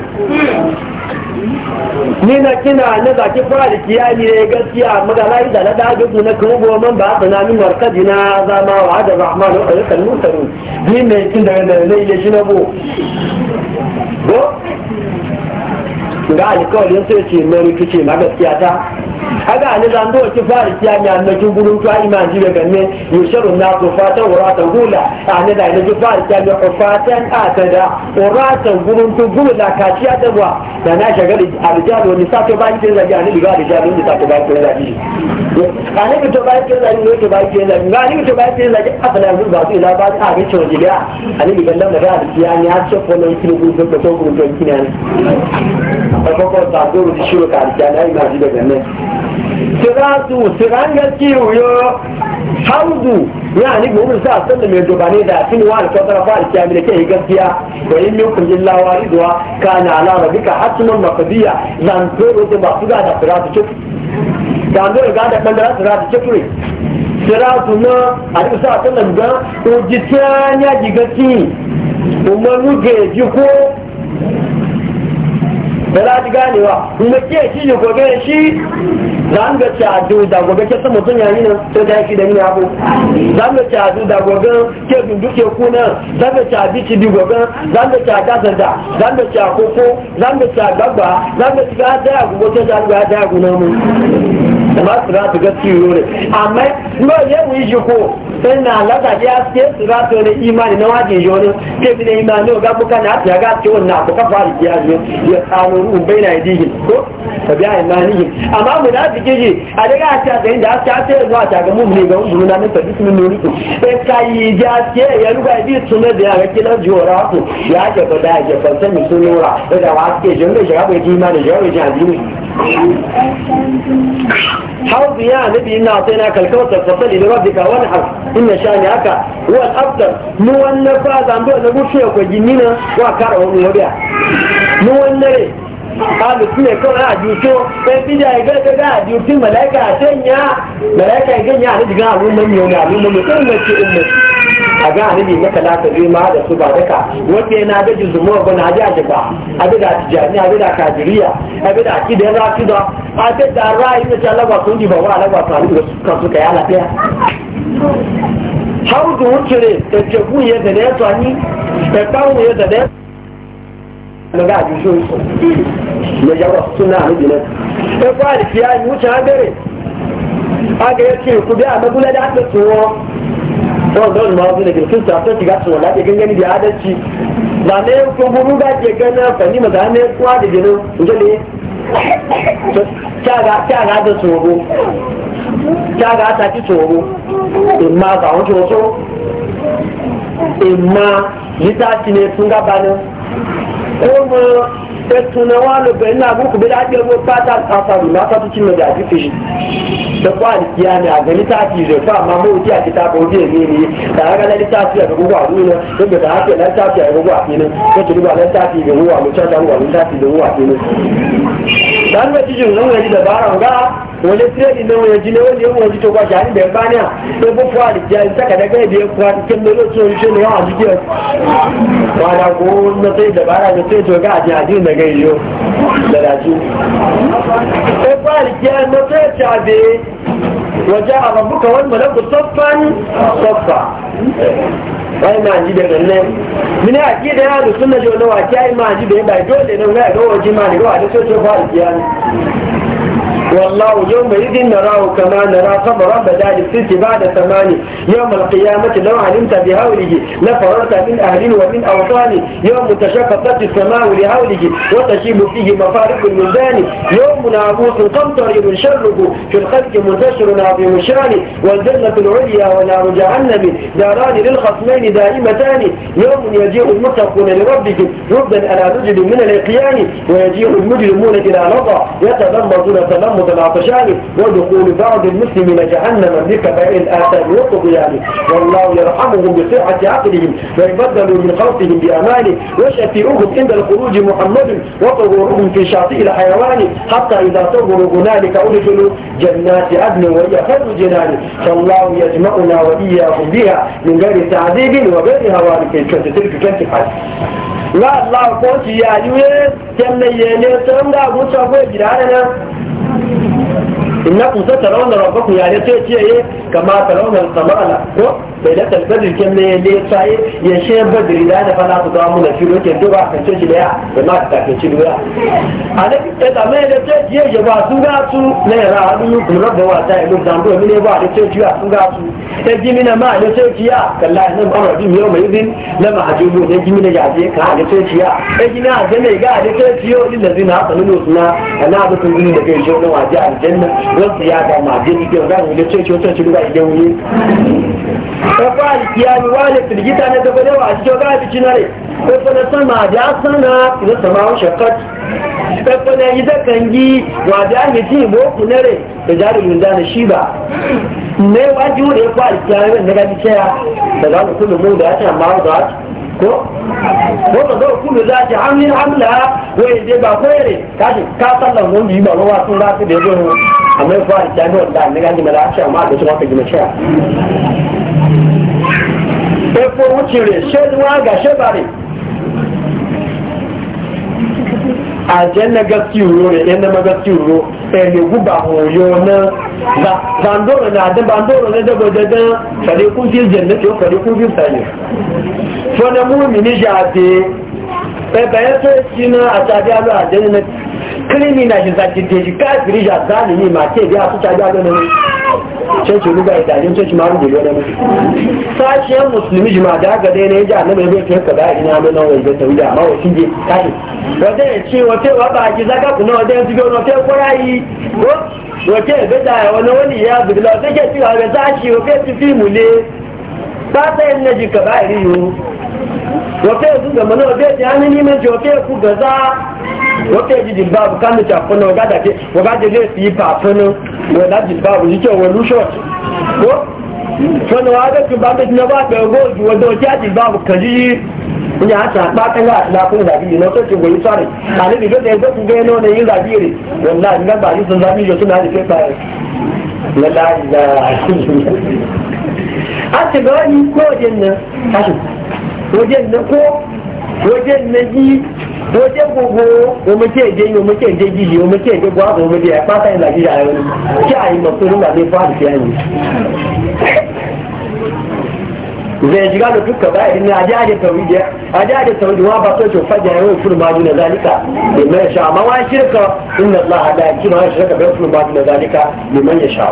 ni na kina na ba ki fara kiya ni ne gaskiya magalai da na dago ku na kuma goma ba ta na min warkadi na zama wa da rahman wa alkal mutaru ni ne kin da ne ne shi na bo go ga alkawalin sai ce mai rikici na gaskiya ta aga ne zan do ki fari ki anya na ki gurun to iman ji daga ne yusharu na to fata urata gula ane da ne ki fari ki anya fatan atada urata gurun to gula ka ci adabwa da na shagali arjalo ni sato ba ki zagi ane diga da jalu ni sato ba ki zagi ane ki to ba ki zagi ne to ba ki zagi ga ni to ba ki zagi afala ba su ila ba ta ga cewa jiga ane diga nan da ki anya ce ko nan ki gurun to ko gurun to kina farkon tasoro da shiwa karkiya na yi maji daga nan siratu siranga kiwo ya ni gomin sa da mai dubane da tin wa alƙadar fa alkiya mi da ke gaskiya da in min kun illa waridwa zan to da ba su ga da siratu ce dan da ga da bandara siratu ce siratu na a duk sa san da ga ujitanya jigati umanu ge jiko da za ganewa in da ke shi ne gobe shi za mu gaci a da gobe ke sama sun yayi nan sai da yake da ni abu za mu gaci a du da gobe ke bin ku nan za mu gaci a gobe za mu gaci a gasa da za mu gaci a koko za mu gaba za mu gobe ta da gobe mu da ma siratu gaskiyo ne amma no yawu yi ko sai na lada ya ce siratu ne imani na waje joni ke bi ne imani ga buka na ta ga ce wannan abu ka fara ya zo ya tsaro ru bai na yi ko ka biya imani amma mu da dike ji a daga ta da inda ta ce zuwa ta ga mu ne ga mu na ta bismin nuri ko sai kai ya ce ya ruga bi sunna da ya ga kila jora ko ya ga da ya ga san mu sunura da wa ke jinga shiga bai imani jawo ji hadini حوض يا نبي إنا أعطيناك الكوثر فصلي لربك وانحر إن شانئك هو الأفضل مو أن فاز عن بؤن بوشيك وجنينا وكرههم لبيع مو أن ري قالوا سنة كون أعجوشو فإذا يقولك أعجوشو ملايكة أتنيا ملايكة يقولك أعجوشو ملايكة يقولك أعجوشو ملايكة يقولك أعجوشو a ga hannu maka lata zai ma da su ba daka wanda yana da jizumuwa ba na ji a jaba abin da tijani abin da kajiriya abin da akida ya zafi da abin da ra'ayi na can lagwa sun ba wa lagwa su hannu da kan suka ya lafiya har da wuce da teku ya da ya tsani da kawo ya da ya na ga ji so na yawa suna hannu ne ta kwari fiya yi wuce hangare aga ya ce ku biya magula da aka tsohon don don ma wani daga cikin safin shiga su wala ke gangani da adalci ba ne ko guru ga ke gana fani ma da ne kuwa da jinin jale kyaga kyaga da tsoro kyaga ta ci tsoro imma ba wani tsoro imma litafi ne sun gabanin wani wọn abu bẹ̀rẹ̀ náà àbúkù bẹ́ẹ̀ láti ọgbọ́n pátá àfàrù látọ́tù tí mo dàbí fi dọ́kọ́ àdìsí àmì àgbẹ̀lí táàtì rẹ̀ fún àmọ́ mọ́ òdì àti tábọ̀ òdì a e ni tààrà lẹ́ni táàtì rẹ̀ gbogbo àwọn ìlú da bẹ̀rẹ̀ àti lẹ́ni táàtì rẹ̀ gbogbo àfihàn ló ti rí wà lẹ́ni táàtì rẹ̀ gbogbo ne. lánàá jíjù náà wọ́n yẹn dàbà àrùn gá wani lé tírẹ́dì náà wọ́n yẹn jí wọ́n lé wọ́n jí tó kọjá ní bẹ̀rẹ̀ bá náà pé bó fọ́ àdìjá ìtàkàdàgbẹ́ ìdí ne kéde ló tún oríṣẹ́ ni wọ́n àdìjẹ́ wọn àdà kó nọ́tẹ́ ìdàbà ara ní tírẹ́dì ọ̀gá àti àdí ìnàgẹ́ yìí ó lọ́dàjú. ẹ̀kọ́ àdìjẹ́ nọ́tẹ́ ìtàdé wọ́n já àbàbùkọ̀ wọn mọ̀lẹ́kùn sọ́fà wani ma ji daga nan mini a kida ya da suna jona wa kyayi ma ji da ya bai dole ne ga ga waje ma daga wa da soce fa alkiya ne والله يوم إذ نراه كما نرى صبرا بدال الست بعد ثماني يوم القيامة لو علمت بهوله لفررت من أهل ومن أوطان يوم تشققت السماء لهوله وتشيب فيه مفارق الميزان يوم ناموس قمطري شره في الخلق منتشر عظيم الشان والجنة العليا ونار جهنم داران للخصمين دائمتان يوم يجيء المتقون لربهم ربا على رجل من الإقيان ويجيء المجرمون إلى رضا يتذمرون تذمر محمد العطشان ودخول بعض المسلمين جهنم بكبائر الآثام والطغيان والله يرحمهم بصحة عقلهم ويبدلوا من خلقهم بأمانه وشفيعهم عند الخروج محمد وطهورهم في شاطئ الحيوان حتى إذا طهروا هنالك أدخلوا جنات عدن وهي خير الجنان فالله يجمعنا وإياهم بها من غير تعذيب وغير هوان في كنت 25 لا الله قلت يا يوسف كم يلي تنغا مصابو جرانا Thank you. إنكم سترون ربكم يعني تأتي إيه كما ترون القمالة ليلة البدر كم ليلة صحيح يشير بدر إذا أنا فلا تضامون في الوقت يبدو بعض كنتوش ليا وما تتاكتش ليا أنا إذا ما يلتأت يجي واسوغا سو ليرا عدو يكون رب واسا يلوك زنبوه من يبوا لتأت يا سوغا سو تجي من ما يلتأت يا كلا إنهم أمر بهم يوم يذن لما عجبوه تجي من يعزيه كا لتأت يا تجي من عزيه ميقا لتأت يو للذين أطلنوا سنا أنا عدو كنتوني لكي يشونوا عزيه الجنة wọ́n ti yá àgbà ọmọ àdé nígbà ọ̀gá àwọn ilé tíyẹ̀ tí ó tẹ̀ tí olúwa ìjẹun yé. ẹ̀fọ́ àlìkíyà ni wọ́n lè fìdí gíta ní ẹgbẹ̀rẹ́ wà àti ọgá àti chinare ẹ̀fọ́ ní sánmà àdé asán náà ìlú sàmà ọ̀ṣẹ̀ kọ́t ẹ̀fọ́ ní ẹ̀yí yí wọ́n àdé àmì tí ìbò òkú nẹ́rẹ̀ ẹ̀dá ìlúndà ní ṣíbà mẹ́wàá jíwò ẹ̀fọ́ àlìkíyà rẹ̀ ko ko da kullu za ta hamlin hamla wai dai ba koyare ka ka sallan mun yi ba wa sun rafi da yau amma fa da ne da ne ga ni mala sha ma da shi ka gima sha ko wuce re shedwa ga shebare aljanna gaskiyo ne yan nama gaskiyo sai ne guba hoyo na bandoro na da bandoro na da gwajajen farikun fi jannati ko farikun fi sani fana mumini jabe bai bayan sai shi na a tabi alu aljanna kírímìnà ìsàkìtì káàkiri ṣàtàlì yìí máa kéèdè àtúnṣàjá lọ́nà ṣẹ́ṣì olúgbà ìdàjẹ́ ṣẹ́ṣì máa rúgbò lọ́nà sáṣẹ́ mùsùlùmí jùmọ̀ àdágàdé ní ẹjẹ́ àmẹ́bẹ̀ ẹgbẹ́ ìfẹ́ kọ̀dá ìrìnà lọ́nà ìgbẹ́ tẹ̀wídà máa wọ̀ síje káyì wọ́dẹ̀ ẹ̀ṣí wọ́n tẹ́ wọ́n bá àjí zákàtù náà ọdẹ́ ti gbọ́nà tẹ́ kọ́yá yìí wọ́n tẹ́ ẹ̀gbẹ́ta ẹ̀wọ̀n náà wọ́n ní ìyá àbìlọ́ tẹ́ jẹ́ sí ọ̀rẹ́ sáṣì òfé ti fíìmù lé pátá ẹ̀nẹ́jì kọ̀dá ìrìnà wọ́n tẹ́ ẹ̀sùn gbẹ̀mọ́ náà ọdẹ́ ti á ní ní méjì ọ̀fẹ́ ẹ̀kú gẹ̀ẹ́sà wata yaji jilbabu kan da na wa, da ke waga da zai fi wa na wala jilbabu yi kyau wani shot ko wani waga tun ba na ba ta goji wanda wata jilbabu kaji ina hasa ba kan ga la kun da biyu na to ce goyi sare ani bi da yanzu ku ga no yin zabi ne wallahi ga ba ni sun zabi yo suna da ke fa wallahi la a ce ga ni ko nan wajen na ko wajen na yi. oje gbogbo omeke eje yi omeke eje yiyi omeke eje gbogbo abọ omeke ẹ pátá ìlàjì ààrẹ kí àyìnbọn tó zai shiga da duka bayan ne a jihar tawhidi a jihar tawhidi wa ba so ce fajar yau furu ma duna zalika liman ya sha amma wani shirka inna Allah da yaki ma shirka bai furu ma duna zalika liman ya sha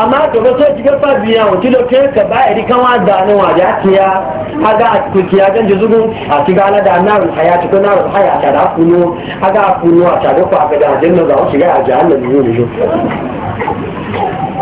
amma to ba so shiga fa biya wa kilo ke ka bayan kan wa da nan wa ya tiya aga a tukiya gan jizugu a tiga ala da ko narun haya ta da kuno aga kuno a ta da ku aga da jannan za ku shiga a jahannam ne ne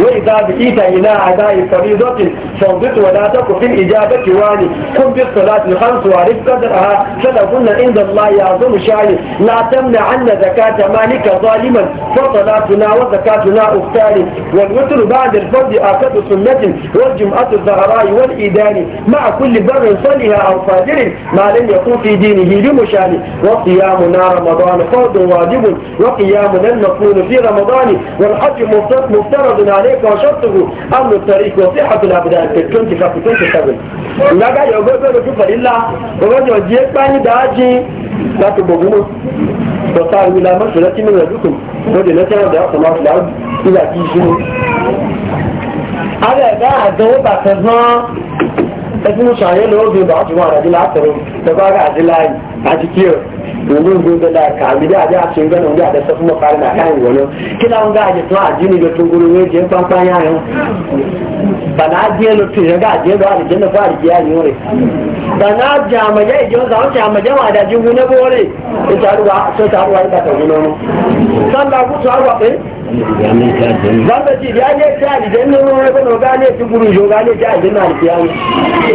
وإذا بقيت إلى أداء فريضة فانضت ولا تك في الإجابة واني قم بالصلاة الخمس وعرف قدرها فلكن عند الله يعظم شعري لا تمنع عنا زكاة مالك ظالما فصلاتنا وزكاتنا أختاري والوتر بعد الفرد آكد سنة والجمعة الزهراء والإيدان مع كل بر صلها أو فاجر ما لم يكن في دينه لمشاري وصيامنا رمضان فرض واجب وقيامنا المفروض في رمضان والحج مفترض حرام عليك وشرطه أمر الطريق وصحة الأبدان في 27 لقد يقول لك فإلا وقد يجيك باني داجي لا تبغوه وصاروا إلى مشرة من ربكم وجنة وضعت الله في الأرض إذا تيجي هذا يبقى الزوبة تزمان ẹgbẹ́ sọ ayé lọ́wọ́ bí bàá tún wà láti látọ̀rọ̀ lọ́gbà àti láàyè àti kí ọ òun ń gbé la kà mí dé àbí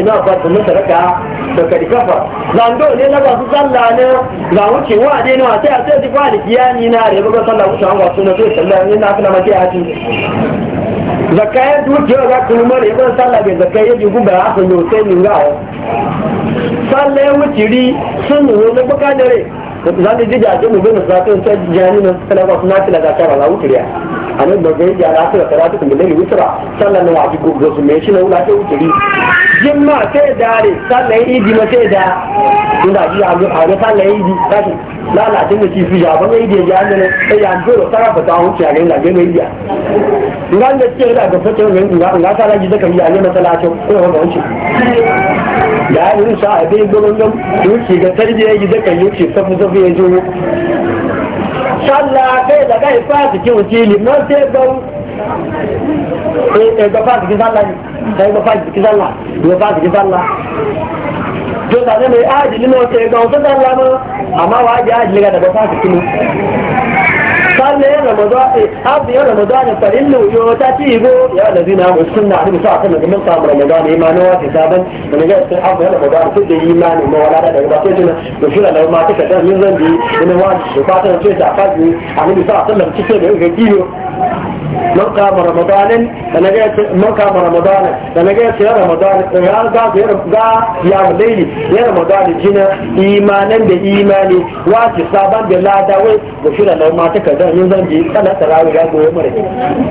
ne na ba sunan sadaka da kadi zando ne na ba su sallah ne ga wuce wa na sai a sai ji ba kiyani na da ba sallah wuce an wasu na sai sallah ne na kana ma sai haji zakaya duke ga kulma ne ba sallah bai zakaya ji guba a sun yi sai min ga sallah wuce ri sun ne na bukadare zan ji jaje mu bin sa sai jani na sallah ba sunan da zakara la wuce ya àmì gbọ̀ngàn ìdí aláṣẹ ọ̀tẹ̀lá tó kùnbẹ̀ lẹ́yìn wíṣọ̀rà sálẹ̀ ní wàjú me shi mẹ́ṣí wula wúlá wuce wùkìrí jimma sai da re sálẹ̀ ìdí mọ́ sai da nígbà tí àwọn sálẹ̀ ìdí láti lálàtí ní ti fi yà bọ́ ìdí ẹ̀yà nínú ẹ̀yà gbèrò sára bàtà àwọn ti àrẹ ìlàgbé ní ìdíà nga ń lẹ́tí ẹ̀rọ àgbẹ̀fẹ́ tó rẹ̀ nga nga sára jí dẹ́kẹ̀ yà ní mọ́sálásí ó yọ̀ wọ́n ti yà á nínú sáà ẹ̀bí gbọ́dọ̀ ń lọ́m tó ń ṣe da jẹ́ yí dẹ́kẹ̀ yóò ṣe ya ẹjọ́ sálà pé daga ìfáàsì kí o ti lè mọ́ sí ẹgbẹ̀rún ẹgbẹ̀ fáàsì kí sálà ni ẹgbẹ̀ fáàsì kí sálà ẹgbẹ̀ fáàsì kí sálà tí ó sàlẹ̀ mi áàjì nínú ọ̀sẹ̀ ẹgbẹ̀rún tó wa mọ́ àmọ́ wàá jẹ́ áàjì قال يا رمضان عبد إيه، يا رمضان فإنه يوتاتيبو يا الذين آمنوا السنة عليه الصلاة والسلام من صام رمضان إيمانا واحتسابا من جاء استحب يا رمضان كل إيمان وما ولا لا يبقى تجنا وشنا لو ما تكتب من ذنبي إنه واجب وقاتل تجع فاجي عليه الصلاة والسلام تسيبه يجيبه من قام رمضان فنجيت من قام رمضان فنجيت يا رمضان يا رمضان يا رمضان يا رمضان جنا إيمانا بإيماني واتي صابا بلا داوي وفي لو ما تكذا ينزل ذنبي صلاة تراوي غاقو يمري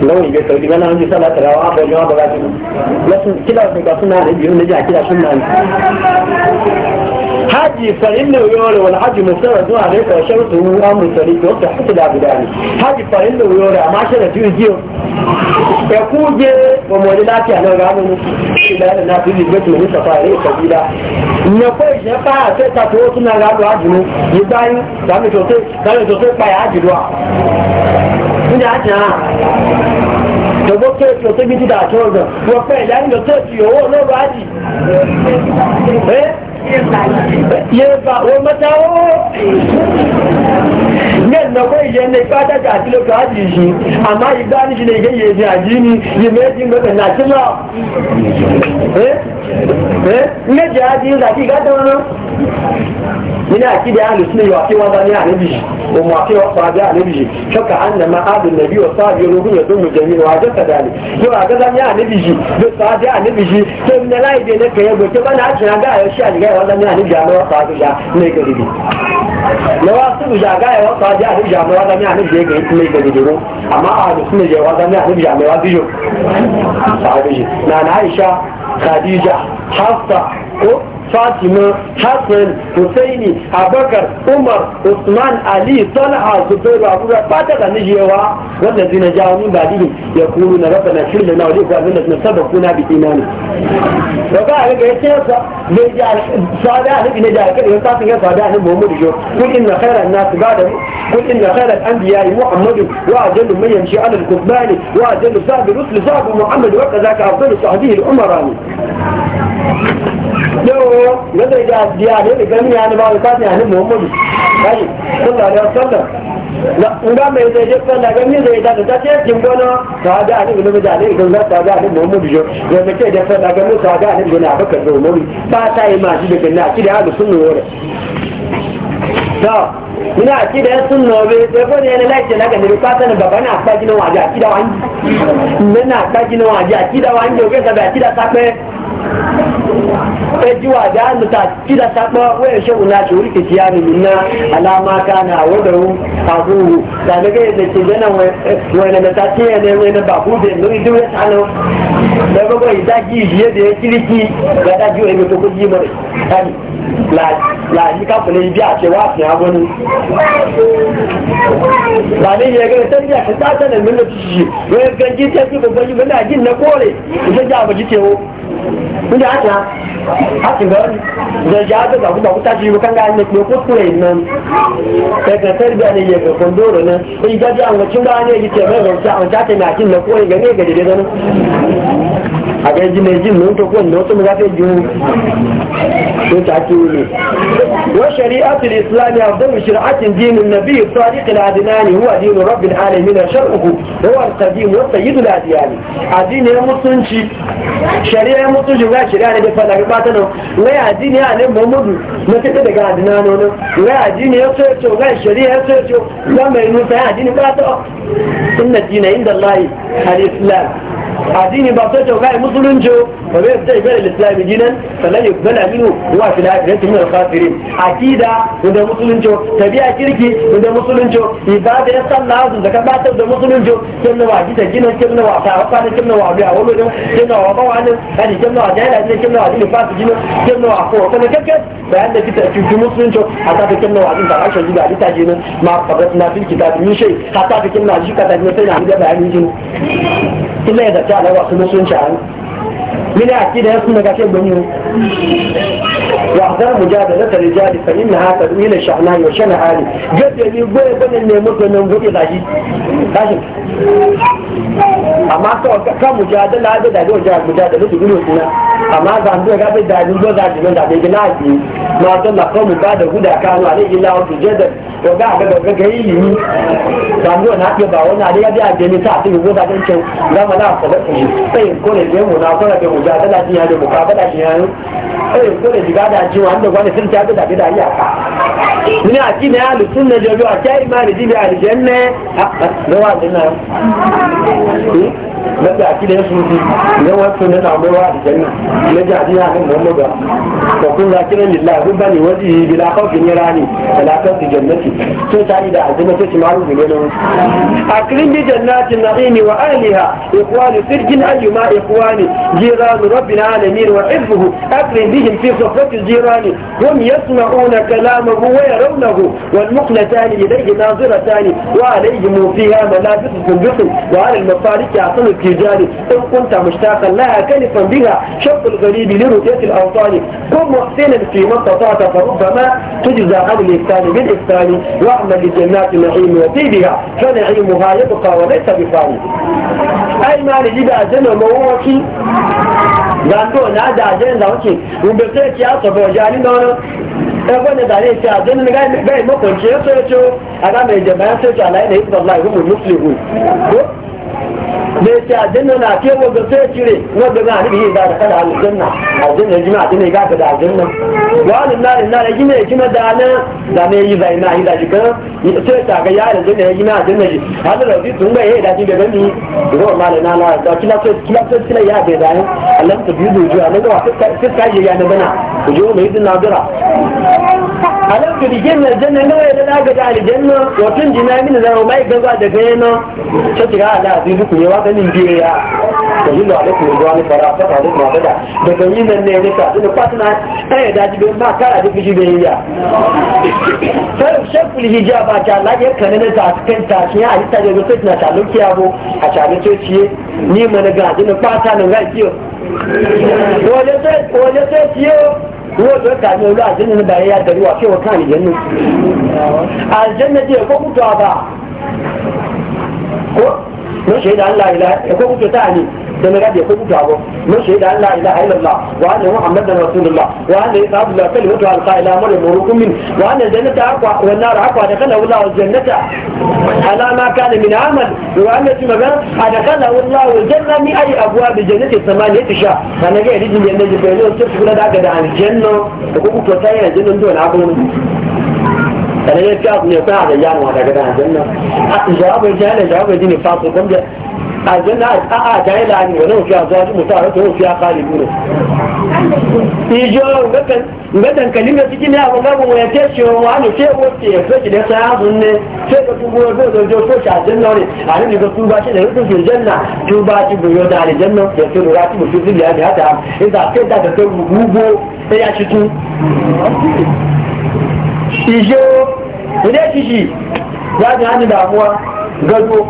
لو يجي سودي أنا عندي صلاة تراوي أبو جواب غاقو لكن كلا سنة نجي نجي كلا سنان haji farin ne yore wani haji musarar zuwa ne ko su an musari ko ta hasu da gudani haji farin ne yore amma shi da jirgiyo ya kuje ba mu wani lafiya na gano shi da yana na fi jirgin tuni safari kabila na kai shi fa a sai ta tuwo suna gado haji mu yi bayan da sosai da sosai kwaya haji ruwa inda haji ha ìjọba kéèkì ọ̀tẹ́bí dídà àti ọ̀gàn wọ́n fẹ́ ìyá yẹba wọ́n mẹ́ta ne yẹ́nà a ìyẹn ní pàtàkì àti ka yi ìṣe ma yi níṣe lè gé yèdè àjí ni yèméjì mẹ́fẹ̀ náà tí lọ méjì àjí ń dàkí ìgbàdàn náà nínú àkídé àlùsílẹ̀ yóò àti wọn bá ní àlébìyì òmù àti ọ̀pọ̀ àbí àlébìyì ṣọ́kà ànàmà àbùn nàbí ọ̀sán àbí ológun yóò dóhùn jẹ̀mí wọn àjọ kàdàlì yóò àgbẹ̀dá ní àlébìyì yóò sọ àbí àlébìyì tó ń nẹ́láìdé ní kẹyẹ́gbẹ̀ tó bá ní àjìnà gáà yọ sí àdìgá wannan ya ni jama'a ta ga ne ga didi na wasu ja ga ya ta ja ni jama'a da ya ni je ga ne ga didi ro amma a da sunne je wa da ya ni jama'a biyo ta biyo na na Aisha Khadija حفصة فاطمة حسن حسيني أبكر عمر عثمان علي طلحة زبير أبو بكر فاتت النجيوة والذين جاءوا من بعدهم يقولون ربنا اغفر لنا ولإخواننا الذين سبقونا بالإيمان وقال لك يا شيخ نجعل صالح نجعل كذا ينطق يا صالح محمد شو قل إن خير الناس بعد قل إن خير الأنبياء محمد وأجل من يمشي على الكتبان وأجل صاحب الرسل صاحب محمد وكذاك أفضل صاحبه الأمراني yau na zai ga biya ne da gani ya ba da kafin ni muhammadu kai sallallahu alaihi wasallam in nga mai zai je sallah gani zai da ta ce jin gona ta ga ni ibnu da ne idan za ta ga ni muhammadu yo ya mace da sallah gani ta ga ni ibnu abakar da umaru ba ta yi maji da gani a kida ga sunnu wore to ina akida ya sunna be da ko ne lai ce ka sanin baba na ka gina waje akida wani na ka gina waje akida wani ke ka da ejiwa da hannu ta kida saba shehu na ce wuri kiya ne minna alama kana wadaru abu da daga yadda ke gana wani eh, na ta ce ne wani na babu da nuri duk ya tsano da babu ya zagi biye da ya kiriki ga da jiwa ya ko ji mara tani la yi ka kule biya ce wa fi agonu ba ne ya gani sai ya ta sanar min ci ci wani gangi ta ji babban yi muna jin na kore ita ja ba ji tewo wanda haka haka ga da ja ga ga ku ta ji kan ga ne ko ku ne nan kai ga tarbiya ne ya ga kondoro nan sai ga ji an ga cin ga ne yake mai ga ta an ta ta na kin na ko ga ne ga dai nan a ga ji ne ji mun to ko ne wato mu ga fe ji to ta ki ne wa shari'atu al-islam afdalu shari'atin din an-nabi sadiq al-adnani huwa din rabb al-alamin shar'uhu huwa al-qadim wa sayyid al-adiyani adini mutunci shari'a mutu shiga shirya da dafa daga bata nan ngai aji ne a nan mudu, na fita daga adina nan ngai aji ne ya so ya ce ngai shari'a ya so ya ce za mai nusa ya aji ne bata inna dina inda Allah al-Islam عايزين يبقى بتاعته وقاعد مصر ننجو فبقى بتاع يبقى الإسلام دينا فلن يقبل أمينه هو في الآخر أنت من الخافرين عكيدة وده مصر ننجو تبيع كيركي وده مصر ننجو إذا ده يصل لازم ذكر بعد وده مصر ننجو كم نوع جيتا جينا كم نوع تعرف عنه كم نوع بيع أولو ده كم نوع وضعه عنه يعني كم نوع جاهل عنه كم نوع دين فاس جينا كم نوع فوق فأنا كم كم بعد في تأكيد في مصر ننجو حتى في كم نوع دين تعرف شو جيبه عليه تعجينا مع قبرتنا في الكتاب من شيء حتى في كم نوع جيكا تعجينا سينا عمدي بعد جينا إلا إذا da ta da wasu musulunci a من أكيد يسمى كثير منه واحذر مجادلة الرجال فإنها تدعو إلى الشحناء والشنع عالي قد يقول بين النموت والنموت إلى شيء لكن أما كم مجادلة هذا دعوة جاد مجادلة تقول لنا أما زندوه قابل دعوة جاد من دعوة جاد ما ظل قوم بعد هدى كانوا عليه إلا وتجدد to ga ga ga ga yi ni dan go na ke ba wani ali ya biya je ni ta ti go da kan ce ga mana ko da shi sai ko ne mu na ko da ke mu ja da ji ya da mu ka da shi ya sai ko ne diga da ji wanda wani sun ta da da ya ka ni a ji na alu sunna jo jo a kai ma ni ji da aljanna ha ne wa dinna na da akida ya sufi na wasu na na mai wa aljanna na ji hadina kan muhammadu ka kun za kiran lillah kun bani waji bila khawfin yarani talatan fi jannati sun yi da ta aljanna ce maru bi lelo akrim bi jannati na'im wa ahliha ikhwani sirjin ayyuma ikhwani jiran rabbil alamin wa hifdhuhu akrim bihim fi safati jiran hum yasma'una kalamahu wa yarawnahu wal muqlatani ilayhi naziratan wa alayhim fiha malafiqun biqin wa ala al-mafariqi الجدال إن كنت مشتاقا لها كلفا بها شق الغريب لرؤية الأوطان كن محسنا في من تطعت فربما تجزى عن الإفتان بالإفتان واعمل لجنات نعيم وطيبها فنعيمها يبقى وليس بفاني أي مال جيب أجن الموكي لأنه نادى أجن الموكي ومبتلت يا صبو جاني نورا أقول لك عليه في أجن الموكي ما كنت يسويته أنا من جمعان سيكي على إن إذن الله هم المسلمون da ya aljanna na ke wanda sai cire wanda ga hannun yin da kada aljanna aljanna ya jima aljanna ya da aljanna wani na da na da gina ya gina da na da ne yi zai na yi da jikin sai ta ga ya aljanna ya gina aljanna ji hannun rafi sun ga ya yi da jikin da gani ma da na na da kila sai kila sai kila ya bai zai allah ta biyu da juya na gawa fiska yi ya na bana ku je mai izin nazira alam tu dijin na janna nawa ya da ga a aljanna wotun jina min da mai gaza da gani ta tira ala ne wa ganin biye ya da yi ne fara ta faru da yi nan ne ne ka tuna da jibe ma kara da sai ta ta kan ta shi a ta da sai ta bo a ta ne ce ciye ni mana ga jinin sai من شهد أن لا إله يكون كتاني ده نجد يكون كتابه من شهد أن لا إله إلا الله وأن محمد رسول الله وأن عيسى عبد الله كلمة ألقى إلى أمر مركم منه وأن الجنة أقوى والنار أقوى دخله الله الجنة على ما كان من عمل وأن مثلا أدخله الله الجنة من أي أبواب الجنة الثمانية شاء أنا جاي رجل الجنة جبريل وصرت كل ده عن الجنة يكون كتاني الجنة دون عبد sanan ya ta ne sa da yana wa daga aljanna a jawabin jahilin jawabin jini fasu kuma aljanna a a jahila ne wani ofi a zuwa mutu a rata ofi a kari duro ijo ngadan kalimar ciki ne abu gabu wani ke shi wa ne ke wote ya fi da sa yazu ne ke ka tubo ya zo zo ko shi aljanna ne a ne ga tuba shi da rukun aljanna tuba shi goyo da aljanna ya fi lura shi mutu zuri ya ne hata idan kai da ta gugu sai ya shi tu ijo idan ki shi ya ji hannu damuwa gado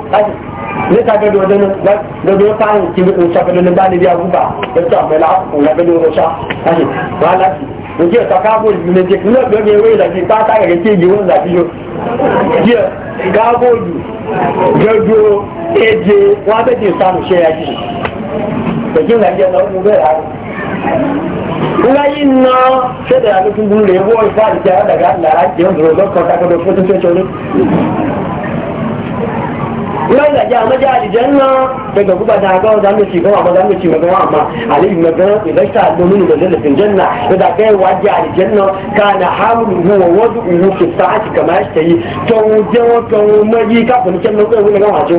ne ta gado wajen gado ya fahimci ki mutum shafa da ba ni biya guba ya ta mai la'afu na gado sha, ashe ba lafi in ce ta kabo ne ce kuma ga ne wai lafi ta ta ga ke ji wani lafi yo ji kabo gado eje wa ta ce samu shi ya ji da kin lafiya na wani bai layin na sai da yanzu sun bulu da ya goyi fa da ya daga lara ke yanzu rozon kwata ka dofi tun cece ne lai da jama ja alijan na daga guba da gawa za mu ci gawa ba za mu ci gawa amma alayhi magana idan ta domin da zalafin janna da da kai waje alijan na kana hamluhu wa wadu'uhu fi sa'ati kama yastayi to jawo to maji ka kun kan nan ko ne ga wajo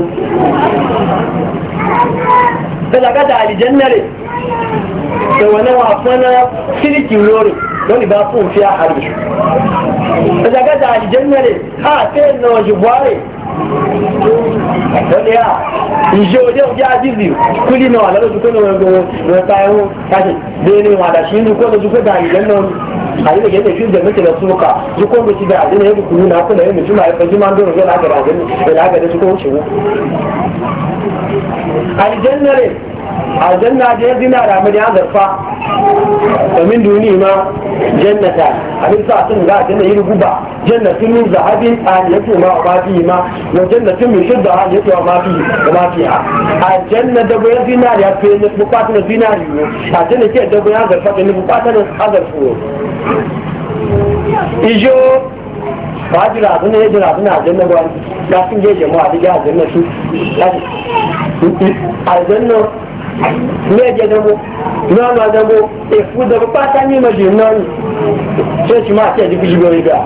daga da alijan na da wani wasa na sirikin lori don ba su fiya hari daga da aljanna ha sai na wajen buhari don ya ìṣe òde òde àdìsí kúlì náà àlọ́lọ́dún kó yi ẹgbẹ̀rún lọ́ta ẹ̀hún káṣí bẹ́ẹ̀ ni da ń da lójú pé dàrílẹ̀ náà ale de yadda shi da muke da suka duk da mutum da adina yadda kuru na kuna yin mutum a yi fajima an dora zai lagara gani da lagara su ko wuce aljanna ne aljanna da ya zina da amini an zarfa domin duni ma jannata abin sa sun ga aljanna yi guba jannatin min zahabi aliyatu ma ma fi ma wa jannatin min shidda aliyatu ma fi ma fi ha aljanna da ya zina da ya fi ne bukatun da zina ne aljanna ke da ya zarfa da ne bukatun da zarfu ijo ba jira suna ya jira suna aljanna ba ya sun je jama'a da ya aljanna su aljanna méje dánwó nọ́ọ̀nà dánwó èfú dánwó pátá ní ìmọ̀jì nọ́ọ̀nù tí ó ti máa tẹ̀ dípò jùlọ ìgbà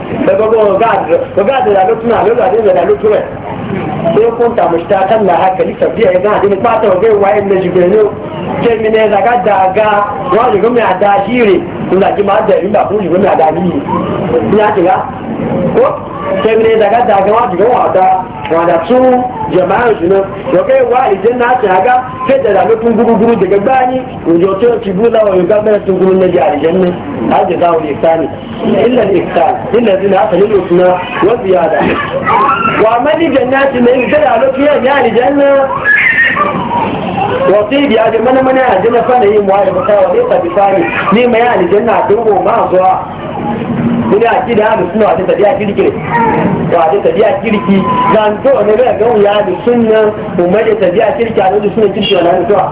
gbẹgbẹgbẹ ọgá nígbà tí máa ń tẹ̀lé nígbà fún ìwé náà dání ní àtìgá kó tẹ̀lé ìdàgá dàgbà wọn àtìgá wọn àtà wọn àtà tún jẹ̀má ìṣù náà lọ́kẹ́ ìwà ìdè náà ti àgá kéde ìdàgbé fún gúrúgúrú dègbé gbá ní òjò tó ti bú láwọn yorùbá mẹ́rin tó gúrú lẹ́jẹ̀ àdìjẹ́ ní àjẹ́ táwọn ìktáni ilẹ̀ ìktáni ilẹ̀ ti náà àtàlẹ́ lò fún náà wọ́n ti yára wà mẹ́rin jẹ̀ náà ti mẹ́rin kéde àlókè ẹ̀mí àdìjẹ́ náà wọ́n ti ìdí àjẹ́ mẹ́nẹ́mẹ́nẹ́ àjẹ́ mẹ́fà ní ìmọ̀ àyẹ̀mọ́ta wọ́n ní ìtàbí fáyì ní ìmọ̀ yá àdìjẹ́ na dungo ma zuwa wani akida ya musu na wata tafiya kirki ne wata tafiya kirki zan to ne ga ga wuya da sunnan umma da tafiya kirki a wani sunan kirki wani mutuwa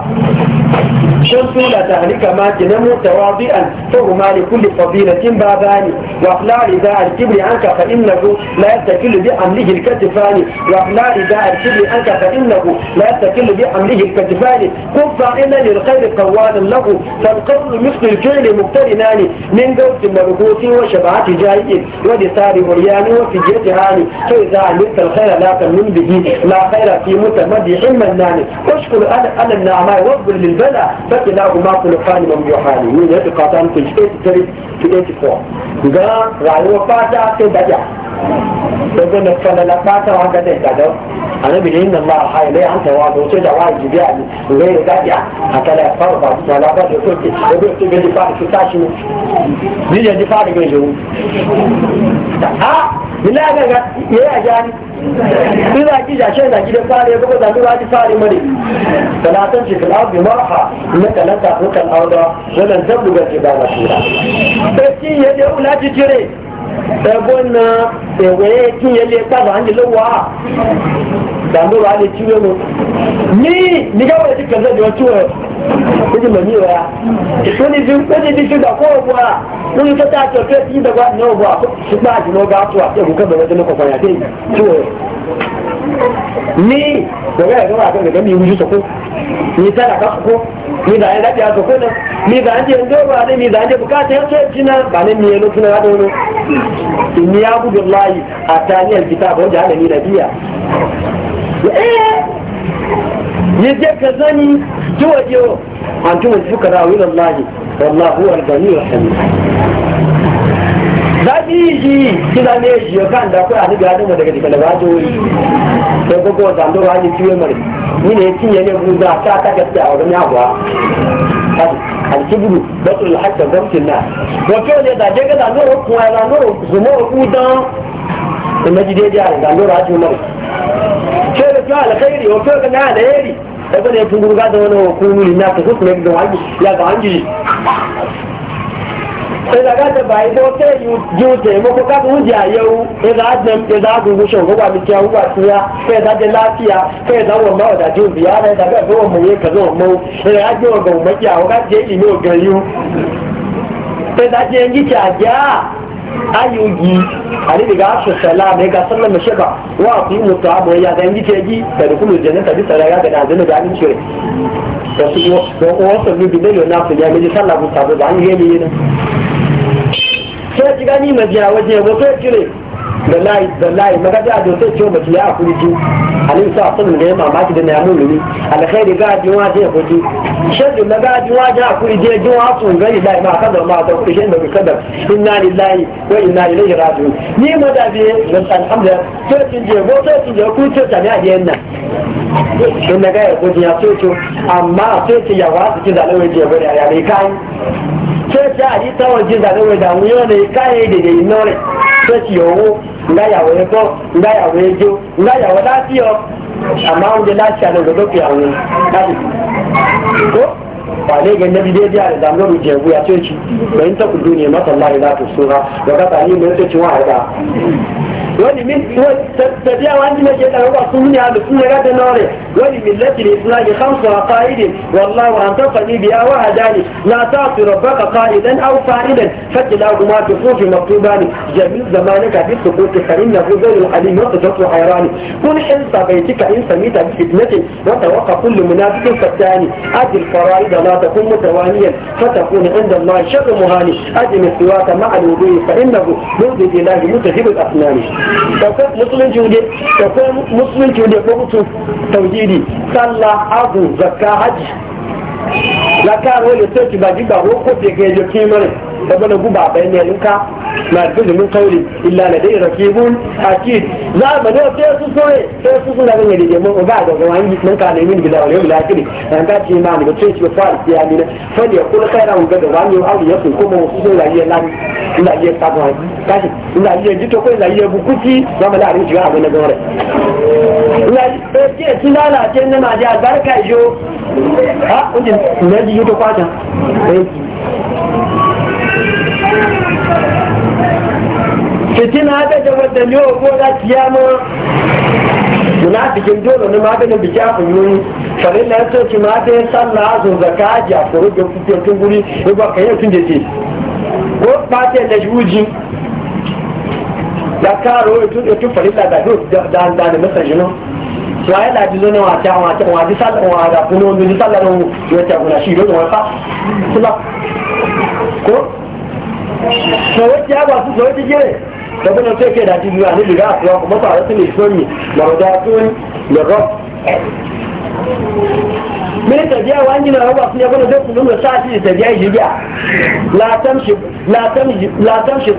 sun suna ta halika ma kinan mutawa bi'an to kuma ne kulli fadilatin babani wa la rida al-kibri anka fa innahu la yastakillu bi amlihi al-katifani wa la rida al-kibri anka fa innahu la yastakillu bi amlihi al-katifani kun fa'ila lil khayr qawalan lahu fal qawl mithlu al-fi'li muqtarinani min dawt al-marbuti wa shabahat تجاهد ولسان مريان وفي جيت هاني فإذا علمت الخير لا تمن به لا خير في حلم الناني اشكر أنا أنا النعماء واصبر للبلاء فكلاهما خلقان ممدوحان من هذه القطعة في 83 في 84 قال رأيوه فاتا في بدع gbogbo na fọlọ la pátá wọn gẹ́gẹ́ ìgbàdọ́ àníbìlì ń da àhá ilé àǹtẹ̀ wọn àti oṣù ìjàwá ìjìbí àmì ìwé ìgbàdíà àtàlẹ̀ fáwọn bàtúntà alábàdé sókè ebi òtún bẹ́ẹ̀ nípa àti káṣí ni níjẹ́ nípa àti gbèjò ga ilé àgbẹ̀gà yẹ àjá ni bí ba ki jashe na gidan fare ya da zaluwa ji fare mare talatan ce kala bi marha na kalanta hukan auda wannan zabu ga ke ba masura sai ya je ulaji jire ẹgbẹ́ náà ẹ̀wẹ́ kí yẹn lè kábà á lè lówó a dàndó wa lè tiwé mu ní nígbà wọ́n ti kẹ̀lẹ́ jọ tiwé o ti mọ̀ ní ìwé a wọ́n ti fi wọ́n ti fi ṣùgbọ́n kó a wọ́n ti tẹ́tẹ́ àti a ṣùgbọ́n àjùmọ̀ bá a ya a ẹ̀kú ni daga ya gaba daga mi wuju sako ni tana ka sako ni da ya ya sako na ni da anje ndo ba ne ni da anje bukata ya so jina ba ne ni no tuna da no inni ya budu lahi atani alkitab wanda hada ni nabiya eh ni je kazani tuwaje antum alfuqara ila allah wallahu huwa alghani alhamid zabiji kina ne shi ya kan da kai ani gadin mu daga dika da bato yi sai ko ko zando ba ni ciwe mare ni ne tinye ne mu ta ta gaskiya a wannan abuwa alkibru batul hakka gamtin na wato ne da daga da noro kuma da noro zumo ku dan in naji dai da da noro ajo mare ke da ka alkhairi wato ka na alheri ko ne tun gurga da wani hukumi na ta kusa da wani ya ga anji ìlàgàtà báyìí tó tẹ́ ju tèmó kó ká fún jẹ́ àyẹ̀wò ìdá agungun ṣòwò kó wà mí kíá wúwà sí ya fẹ́ ìdájẹ́ láàfíà fẹ́ ìdáwọ̀ mọ́ ọ̀dájú òbí ara ìdàgbà tó wọ̀ mọ̀wé kan náà mọ́ ìrìn àjò ọ̀gàn òmọ́kí ga ká jẹ́ ìlú ọ̀gàn yìí ìdájẹ́ ń ayoyi ali daga asu salam ya ga sallan mashaba wa ku mutu abu ya ga yi ji da dukulu jannata bi saraya ga dazin da an ce da su ko ko su bi da yana su ya miji sallah ku tabu da an yi ne sai ji gani majiya waje wato kire wallahi wallahi da da sai ciwo mace ya alin sa sun da mamaki da na mun ne alkhairi ga ji wa je shaddu na ga ji wa je je ji wa sun ma ma shin da kada inna lillahi wa inna ilaihi raji'un ni ma da biye alhamdulillah sai kin je go je ku ce ta ne a yin nan na ga ya godiya sai amma sai ya wa ki da je ya kai church a yi ta waje zane wai da yau ne kayan da da ino ne church yawo nga yawo ebo nga yawo ejo nga yawo lafiyo amma wanda lafiya ne gobe ku yawo lafi ko ba ne ga nabi dai da da mu ruje ku ya church bayin ta ku duniya mata Allah la tusura wa ka ne ta ci wa da wani min tafiya wani mai ke ɗarɓa sun ne a sun ya da nore wani min latin islam ya kamsu a fa'idin wallahu an tafa ni biya wa hadani na ta su rabba ka fa'idan au fa'idan fati la kuma ta kofi maktuba ne jami'in zamanin ka fi su ko ta karin na ko zai al'alim wata ta su hairani kun in sa bai cika in sami ta fitnatin wata waka kullu munafikin fattani ajil fara'i da la ta kun mutawaniyan fatakuna inda Allah shaka muhani ajil siwaka ma'al wudu'i fa innahu yuzi ilahi mutahibul asnani ɗauko musulunci wude ɗauko musulunci wuje ko mutu tauhidi salla azu zakka hajji zakka wani sai ki ba ji ba ko ko ke ga yake mare da bana guba bayan ne nuka na dukkan min kauli illa na dai rakibun akid za mu ne sai su soye sai su suna ganin da jama'a ga ga wani nan ka min bila wala bila kidi dan ka ce ma ne ce ce fa ya mi ne fa ne kul khairan ga da wani abu ya ko mu su sai rayuwa lan ina iya sabon kashi ina iya jito ko ina iya bukuti za mu la'arin shiga abin da ina ce eh, su lalace na jo ha na ji kwata eh. fitina da da wadda ne wa ko da kiyama munafikin dole ne maganin biki a kunyoyi farin da yanzu ki mata ya sallah zo zaka aji a koro guri ko ba ka yi tun da ko fata da shuji da karo ya tun da tun farin da da da da masa jino wa ya ladi zo ne wa ta wa ta wa ji sallah wa da kuno ne ji sallah ne ya ta kuna shi dole wa fa kula ko so wacce ya ba su so wacce tọ́gbọ́n náà kéèké dájú ní ne lè rà àti ọkọ̀ mọ́tò àrẹ́sìn lè da lọ́rọ̀ من وانجل هو أصلي يقول ذلك من لا تمشي لا تمشي لا تمشي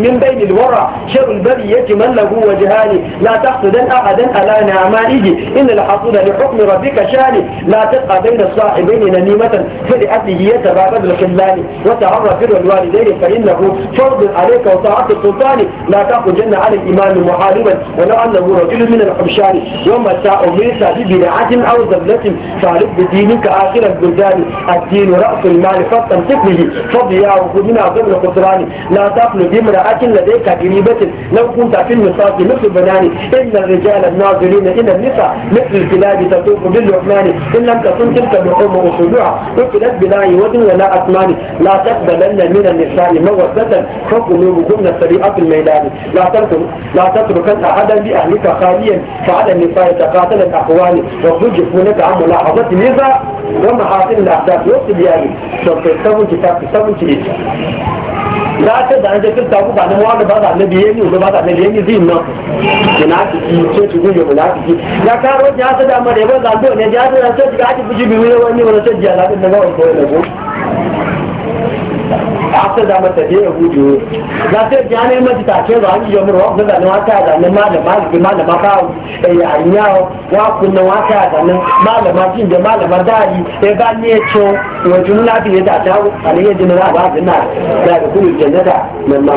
من بين الورى شر البرية من له وجهان لا تحسدن أحدا على نعمائه إن الحصول لحكم ربك شاني لا تبقى بين الصاحبين نميمة فلأته يتبادل الخلان وتعرف الوالدين فإنه فرض عليك وطاعة السلطان لا تخرجن على الإمام محاربا ولو أنه رجل من الحبشان ساء أمرت ببدعة أو ذلة فعلي وخالف بدينك آخر البلدان الدين رأس المال فتمسك به فضياءه من ضمن قطران لا تقل بامرأة لديك قريبة لو كنت في النصاص مثل بناني إن الرجال الناظرين إلى النساء مثل الكلاب تطوف باللحمان إن لم تكن تلك بحوم أصولها وفلت بلا عوض ولا أثمان لا تقبلن من النساء مودة فقلوبهن سريعة الميلان لا تترك لا تتركن أحدا بأهلك خاليا فعلى النساء تقاتل الأخوان وتجفونك عن ملاحظة السليفة ومحاصيل الأحداث والسبياني شرط السبن za ta da an je ku ba da mawa ba da annabi yayi ne ba da annabi yayi zin nan ina ki ce ki guje mu lafi ya karo ya ta da mare ba do ne ya ta da ta ga ki buji biyu wani wani ta da da ga wani ko ne ko aka zama ta da yahudu na ta ji ana yi mace tace ba hanyar yamur wa da zanen wata zanen malama zuke malama kawo da yayin yawo wa kunna zanen malama jin da malama dari ya ba ni ya ce wa jumla biyu da ta a ne jini na ba zina da ga kuma jannata nan ma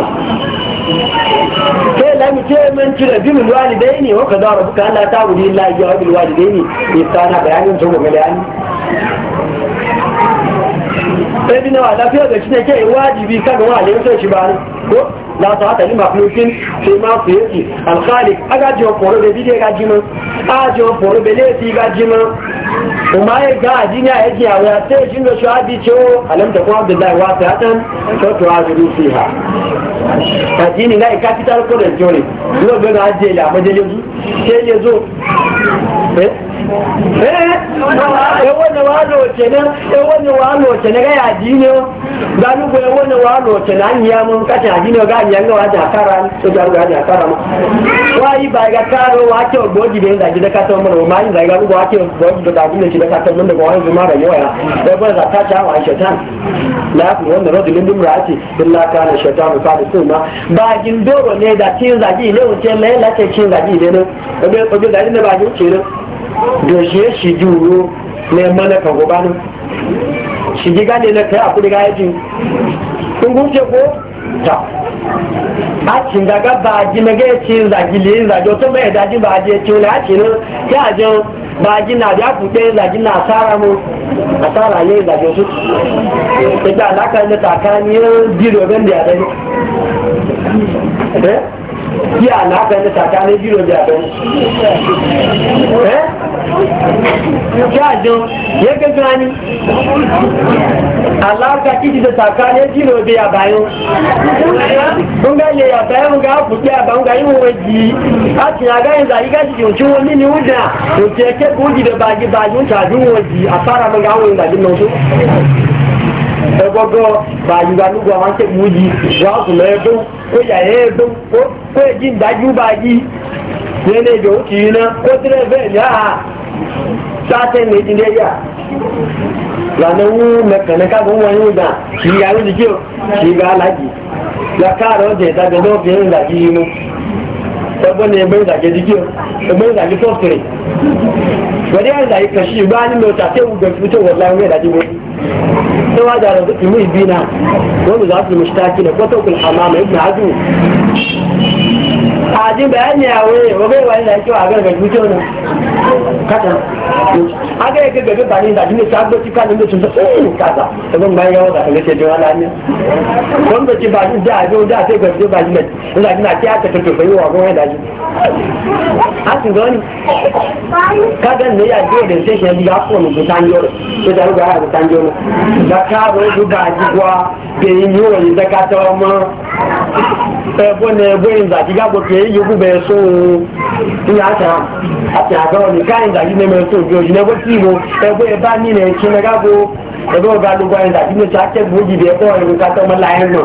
sai lami ce min cire bimin walidai ne wa ka zaura buka Allah ta wuri Allah ya wa bil ne ya sana bayanin tsogo ga sai bi na wa lafiya ga shi ne ke wajibi kan wa ne sai shi ba ko la ta hata ni maflukin sai ma su yake alkhaliq aga jiwa foro be bide ga jima a jiwa foro be le ti ga jima kuma ya ga adini a yake awa ya sai shi ga shi abi ce o alam ta kuma abdullahi wa ta hatan to to a jiri fiha adini ga ko da jori dole ga ajiye ya majalisu sai ya zo eh? Eh, eh, wani walo ce na eh, wani walo ce na gaya dino ga nugu ya wani walo ce an yi mun kace a dino ga yan gawa da kara to ga ga da kara wai ba ga karo wa ke godi da da gida ka to mun ma yin da ga wa ke godi da gida shi da ka to mun da wani zuma da yawa da ba za ta ta wa shaitan la ku wannan rajulin dimrati illa kana shaitan fa da sunna ba gin doro ne da cin zagi ne wuce mai lace cin zagi ne ne obe obe da ne ba gin ce ne dòṣìṣẹ́ ṣìjú ro ní ẹmọ́ lẹ́kàn kó bá ní ṣìjí kai lẹ́kàn àkúrẹ́gá ẹ̀jú ngun ṣe kó ta a ti daga baaji mege ti nzaji le nzaji o tó mẹ́rin dájú baaji ti o lè a ti ní kí àjọ baaji náà àbí àkùté nzaji na asara mu àtàrà yé nzaji oṣù ìgbà alákàndé tàkà ní bírò bẹ́ẹ̀ ní àdéhùn. kí àlàáfẹ́ ní tàkà ní jíro jà lọ. kí àjọ yẹ kékeré ni àlàáfẹ́ kí ti tàkà ní jíro bí àbáyọ. nga yẹ àbáyọ nga fùkẹ́ àbáyọ nga yíwọ wẹ jì í. a ti àgá ni zà yíká jìjì òtún wọn nínú ìwúdà òtún ẹkẹ́kọ̀ọ́ jìdẹ̀ bàjẹ́ bàjẹ́ òtún àdúgbò A fara mi ga wani ìgbàdí náà tó. ẹgbọ́gọ́ bàyìgbàlúgbà wọn ṣe mú yìí wọ́n kù lọ ẹdún kó yàyẹ ẹdún kó èjì ń dájú bá yí nínú èdè òkì yìí náà kó tí lẹ́fẹ̀ẹ́ ní àhà sáàtẹ̀ méjì lẹ́yà lànà wú mẹkànnẹ́ká fún wọn yóò dà kì í yàrá òdìjọ́ kì í ga alájì làkàrọ̀ ọ̀jẹ̀ ìtajà náà fi ń rìn làjì yìí mú ẹgbọ́n ni ẹgbẹ́ ìdàjẹ́ dídíọ̀ ẹgbẹ́ ìdàjẹ́ sọ́ọ̀tìrì wọ́n dé àìsàn ìkànṣí ìgbà nínú ọ̀tà tẹ́wù tó wọ̀ láwọn ìdàjẹ́ wọn. sai wa da rabu imu ibina wani za su mushtaki da kwatakul hamama ibn azmi ajin bayani a wuri wabai wani na kyau a gargar gujo ne kata a ga gargaga ba ne da jini ta agbaci kanin da sun sa tsohon hmm, kasa sabon bayan yawon da kaga ce jin ala ne don da ce ba da abin da sai gwarzo ba shi da ina gina ta yata ta tofayi wa gwamnati da shi asin ga wani kaga ne ya je da sai shi ya ji ya kowane ya da ruga ya gutan yoro da karo ruga jigwa da yi yiwuwa da ka tawa ma ebe na ebe yin zaki gabo ke ṣe é yókù so sóhun ní àṣà àti àgbà ọ̀nì káyìndà yìí ní mẹ́rin tó ju òjì lẹ́gbẹ́ tí mo ẹgbẹ́ ẹ bá nílẹ̀ ṣe mẹ́gá bo ẹgbẹ́ ọ̀gá gbogbo ẹ̀dà yìí ní ṣàkẹ́gbò òjìdí ẹ̀kọ́ ẹ̀rù kátó ọmọ láyé nà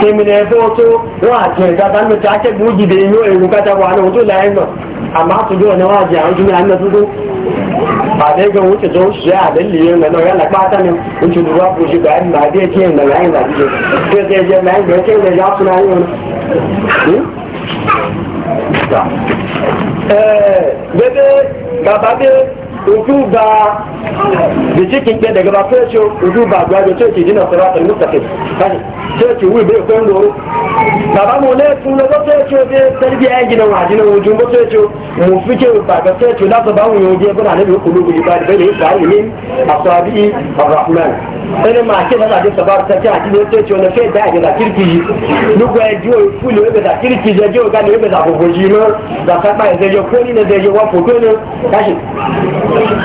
tèmínà ẹ̀fọ́ tó wọ́n àti ẹ̀dá bá ní ṣàkẹ́gbò òjìdí inú ẹ̀rù kátó wà náà tó láyé nà àmọ́ àtúndì ọ̀nà wọn àjẹ àwọn jùmọ̀ àná tuntun àdé gan wọ́n ti tó ṣe àdé lìyẹn nà náà yálà pátá ni oṣù tó wá kó ṣe gbà ẹ̀ nà àdé ẹ̀ tiẹ̀ ẹ̀ tẹ̀ láyé nà gẹ́gẹ́ bàbá bẹ́ẹ̀. utuba da cikin ke daga ba kai utuba ga ga ce ki dina siratal mustaqim kai ce ki bai kan doro baba mu ne tun da ce ce be tarbiya gina wa gina wujun ba ce mu fike ba ga ce ce da ba mu yoje bana ne ku lu ba da bai ba ni asabi arrahman ene ma ke da da sabar ta ta ne ce ce na sai da ga kirki duk ga jiwo fulu ga da kirki da jiwo ga ne ga da gogoji ma da ka ba da je ko ni ne zai je wa foto ne kashi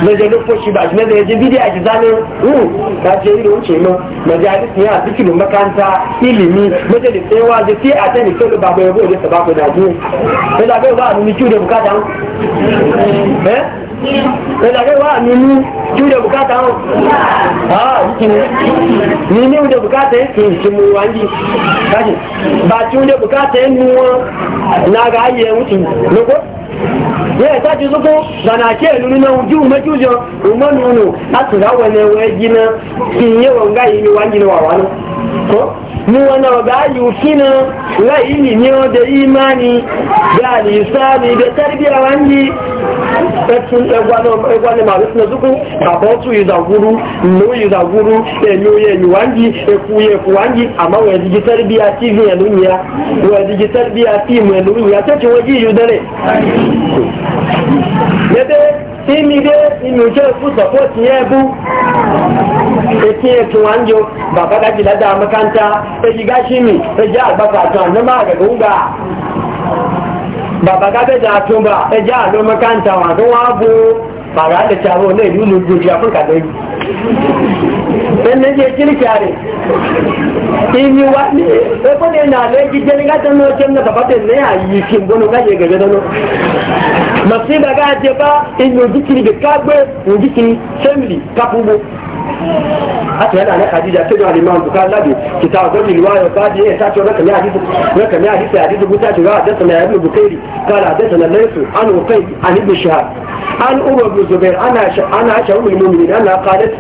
mẹjọ ló pọ̀ṣù bá àti mẹjọ ẹjẹ bídí àti zánú wù láti ẹ̀rí lòún ṣe mọ́ mẹjọ àdìsí yẹn àti kìlò mẹ́kántà ìlì mi mẹjọ lè fẹ́ wá ṣe tí àtẹ́ni tó da bá bọ̀ ẹ̀bọ̀ òde sọ̀bá pẹ̀lú àdúró mẹjọ àbẹ̀wò àmì mi kí òde bùkátà ń mẹjọ àbẹ̀wò àmì mi kí òde bùkátà ń ní ní òde bùkátà ń kìí ṣe mu wá ń yí bàtí òde bùkátà ń ya ta ci zuko da na ke nuni na uji ume jujo ume nunu a tura wani gina kin yi wanga yi ni wani na wawa ko mu wani waga yi na la yi ni ne da imani da lisani da tarbiya wani ẹtún ẹgbà ní màrí sínú ẹzúkú àbọ́tù ìzàgúrú ìlú ìzàgúrú ẹ̀mí oyè ìwáńjì ẹkù ẹkù wáńjì àmọ́ wọ́n ẹ̀dìjì tẹ́lẹ̀bí àti ìlú ìyẹn lóyìn ya wọ́n ẹ̀dìjì tẹ́lẹ̀bí àti ìmọ̀ ẹ̀lú ìyẹn tẹ́tí wọ́n jí ìyú dẹ́rẹ̀ yẹ́dẹ́ imi dé inú jẹ́ fún sọ́pọ́tì yẹn bú etí ètò wọn jọ bàbá dájú ládàá mọ́kántá èyí gáṣímì èyí àgbàkà àtàn ànámà àgbẹ̀gbẹ̀ ń gbà bàbá gábẹ́dà àtúnbà èyí àlọ́ mọ́kántá wọn àti wọn á bu bàrà náà ìlú lójú fún kàdé ẹni jẹ́ kíríkà rẹ̀ ìní wa ní ẹgbẹ́ ní ẹ̀nà jíjẹ́ ní bàbá tẹ̀ kí n bọ́nu gẹ̀gẹ́ dáná màsí ìgbà jẹ bá haka yana na hadija ta da al-imam bukhari labi kitabu bi riwaya badi ya ta ce raka ne hadisi raka ne hadisi hadisi buta ce ga da sana ibn bukairi kala da sana laysu an uqay an ibn shihab an umar bin zubair ana ana shawu al-mu'minin ana qalat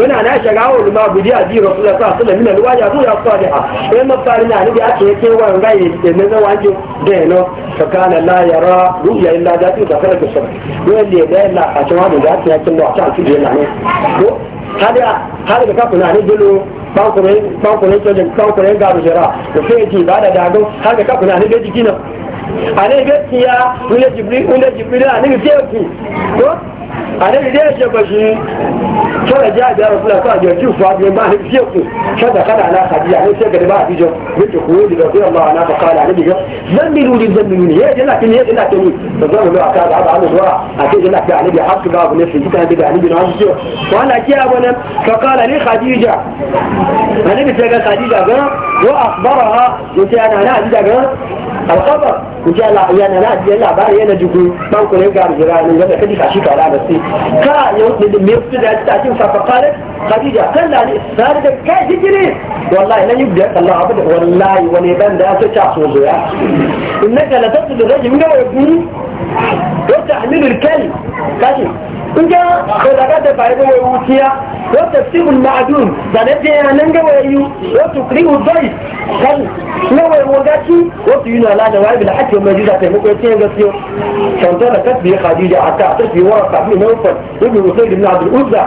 wana na shagawo ma budi abi rasulullah sallallahu alaihi wasallam min al-waja ya saliha eh fari na nabi ake yake wa ga yake ne na wanjo da no fa kana la yara ru'ya illa da ta kala ta wani wanda ya da la a cewa da ta yakin da ta alfi da ne har da kafin na ne dilo bankunan sojin bankunan gabu shara ji ba da dagon har da kafin ne gaji gina a ne gaskiya wule jibri wule jibri a ne gaji أليه ليه جبجي فرجاء يا رسول الله صلى الله عليه وسلم يجيب فاطمة ما هي كذا ان على خديجة عليه السلام قال ما في جو بنت خلود رضي الله عنها فقال على بيجو زملوا لي زملوا لي هي جنة كني هي جنة كني فظلموا ان أكاد عبد عبد الزوراء أكيد جنة في علي بيحط في بعض الناس اللي كان بيجي علي بيجو عنده وأنا كي أبونا فقال لي خديجة أنا بيجي خديجة قال وأخبرها قلت أنا لا أجد قال الخبر قلت أنا لا أجد لا بعد أنا جو ما أقول إيه قال جرا أنا جنة كذي خشيت على أنا sai ka yau da me su da ta safa kare khadija kan da da kai jigire wallahi nan yubda Allah abu da wallahi wani banda ya ta so zuwa inna kala tatu da rajim ga وتحميل الكلم كلم انت خلقات بعيدة ويوتيا المعدون المعدوم زنبتي ننجا ويو وتقريء الضيف كلم لو يوغاتي وتيونا لا نوعي بالحق يوم ومجيزة تهمك ويتين غسيو شانتانا كتبه خديجة حتى اعطيت في ورقة من نوفر ابن وسيد بن عبد الأوزة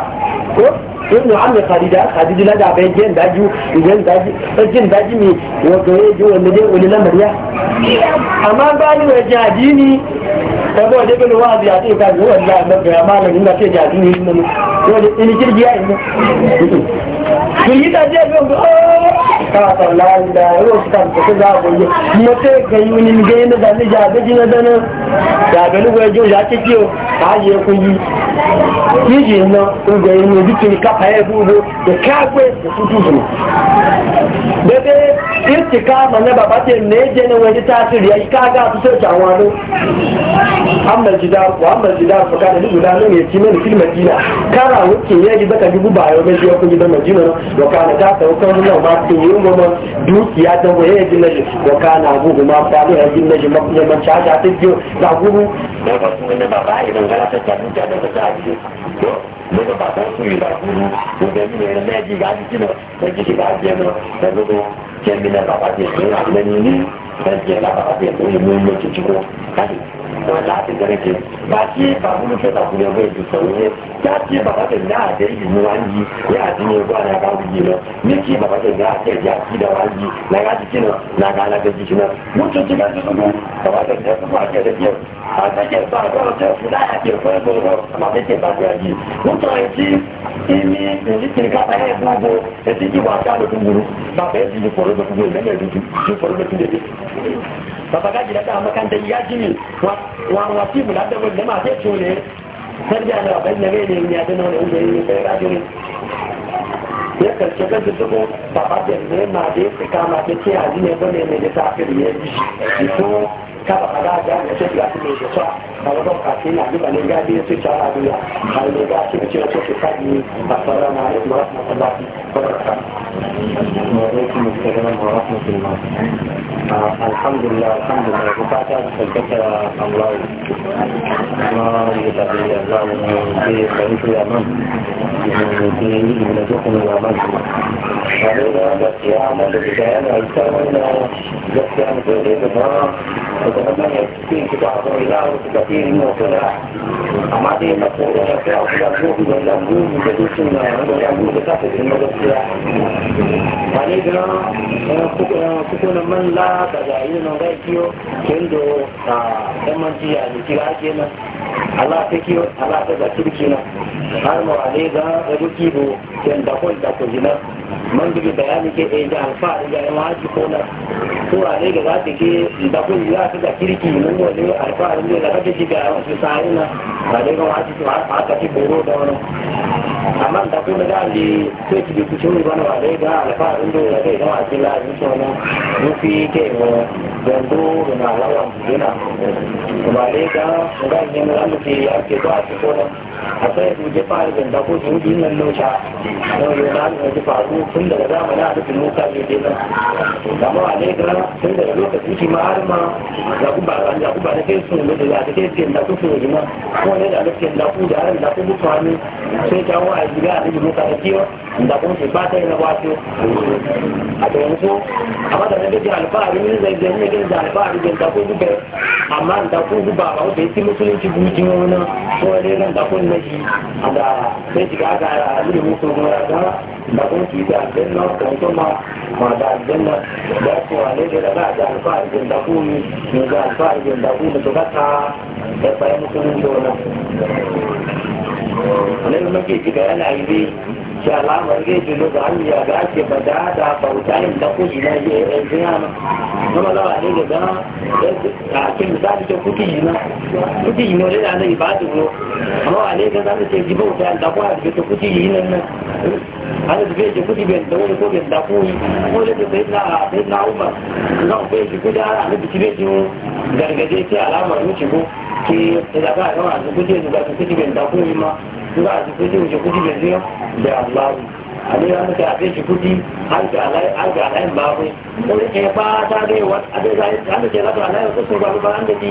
in muhammed khadija khadija la da bai jin daji jin daji jin daji mi wa wanda dai wani lamariya amma ba ni wa jadini ẹgbẹ́ ọdẹ pẹ̀lú wá àbí àti ìka ìwọ̀n ìlà ẹgbẹ́ máa lọ nígbà tí èdè àti ìrìn nínú ìwọ̀n ìní kí ìjìyà ìmú kìí dájẹ́ ẹgbẹ́ ọdún ọ́ọ́ káàtà láàrín ẹ̀rọ ko ìpẹ̀sẹ̀ láàbò yẹ mo tẹ́ ẹ̀kẹ́ yìí ni gẹ́ ní dáa níjà àbẹ́jì náà dáná ìyàbẹ̀lúwẹ̀ ẹjọ́ ìyá kéjì ó ààyè ẹkùn ka níjì iná yi inú ojú kiri kápá ẹ̀ fún owó ìkẹ́ àgbẹ̀ òtútù bù bẹ́ẹ̀ ìtìká àmọ́ ní bàbá tẹ̀ ní ẹ̀jẹ̀ ní wọ́n ti tá a ti rí ẹ̀yíká àgá àtúntò ìjà wọn lọ amma jidar wa amma jidar fa kana dubu da nan yake mana fil madina kana wuce ya ji baka dubu ba yau gaji ko gidan madina wa kana ta ta kan nan ma tin yi mu ma dukiya da waye ji naji wa kana abu ma fa ne ji naji ma kuma man caja ta ji da guru da ba su ne ba ba idan ga ta ta da da ta ji daga bakan su yi lakuru gobe mine na meji ga jiki na da jiki ga jiya na da gudu kyan mina ba ba ke sun na ni ni da jiya na ba ba ke sun yi mun wọn láti gẹ́gẹ́ bá tí bàbúrú fẹ́ bàbúrú ẹgbẹ́ ètò sọ̀rọ̀ yẹn bá tí bàbá tẹ̀ ní àjẹ́ yìí ni wọ́n yí ní àti ní ẹgbẹ́ àwọn ẹgbẹ́ àwọn yìí lọ ní kí bàbá tẹ̀ ní àjẹ́ yìí àti ìdá wọn yí láyé àti kí náà lága alága jíjì náà wọ́n tún ti bá ti sọ́kún bàbá tẹ̀ ní ẹgbẹ́ àjẹ́ rẹ̀ jẹ́ àtẹ̀jẹ̀ bá àgbọ̀rọ̀ tẹ̀ fún láyà tẹ̀ fún ẹgbẹ́ ọ̀rọ̀ àmàtẹ̀jẹ̀ bá gbà yìí wọ́n tọ́ di fọ̀rọ̀ wọn wọn tí ìbùdó àtẹwò ìdẹ́mà àti ètò rẹ̀ sẹ́ńdí àná ọ̀bẹ́ ìdẹ́mà èdè ìyàtọ̀ náà ọ̀bẹ́ ìdẹ́mà èdè ìyàtọ̀ náà ya karshe kan su suko ba da ne ma da ya fi kama ta ce hajji ne bane mai da tafiyar ya ji shi su kaba ba da ga ne ce ya fi mai shi a wajen kafi na duba ne ga biyu su ta rabiya har ne ga su ce wasu su kaji a sauran na ya kuma rasu na alhamdulillah alhamdulillah alhamdulillah bukata da tabbata Allah kuma ya tabi Allah ne zai fahimta ya man ne zai yi da dukkan Allah ta kiyo, Allah ta ga kirki har ma ne ga da duki do, ko jina man gibi bayani ke e da alfari da ji ko ne ga ke da ya ta da kirki mun mu ne ne da a wasu sai ba dai ga wasu to haka ki boro da wani amma da da ali sai ki ku shi wani ba ga alfari ne da kai da wasu la ji ko na mu fi ke mu gando na lawan jina ba dai ga mu ga ne mun ke ya ke ba ko a sai mu je fara da ko ji mun nan hannun a faru tun daga zamani a rufin musa ne dai nan amma a ne gara tun daga lokacin shi ma har ma zakuba da ke sun mutu da ke sun da kusa waje ma kuma ne da lokacin da ku da da ku mutu hannu sai ta wa a gida a rufin musa da kiwa da kuma su fata yana ba su a da yanzu a mata na gaji alfahari ne zai zai ne gaji alfahari da da ku guba amma da ku guba ba wanda ya ci musulunci bujin wani ko ne da ku ne shi a da sai shiga aka rufin musu gora bakunci da aljanna kan kuma ma da aljanna da ko ne da ba da alfarin da ku ne ga alfarin da ku da ta da bayan mutum da wannan nan muke kiga yana yi shi alamar zai ji da an ya ga ake ba da bautayin da ku yi je yan jiya ma kuma lawa ne da zama a cikin misali ta kuki ina kuki ina da na ibadu amma wa ne da za ta ce ji bautayin da ku a ta kuki ina nan هذا بيجي كل بين دول كل بين دافوي ولا بيتنا بيتنا عمر لا بيجي كل على بتبيجي درجتي على عمر وشكو كي إذا بقى لو عايز كل بين بقى كل بين دافوي ما لو عايز كل بين وشكو كل بين زيو ده الله ale an ka be shi kudi an ka alai an ka alai ba ko ne ke ba ta ne wa ade ga an ke la ta alai ko so ba ba an da ni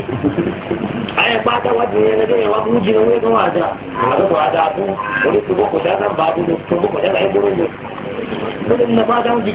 anyị fata wajen ya na gaya wani mujina wani don wada a ga wada ku wani tubo ku da zan ba ku tubo ku da ga yi gurin ne. Kudin na fata wajen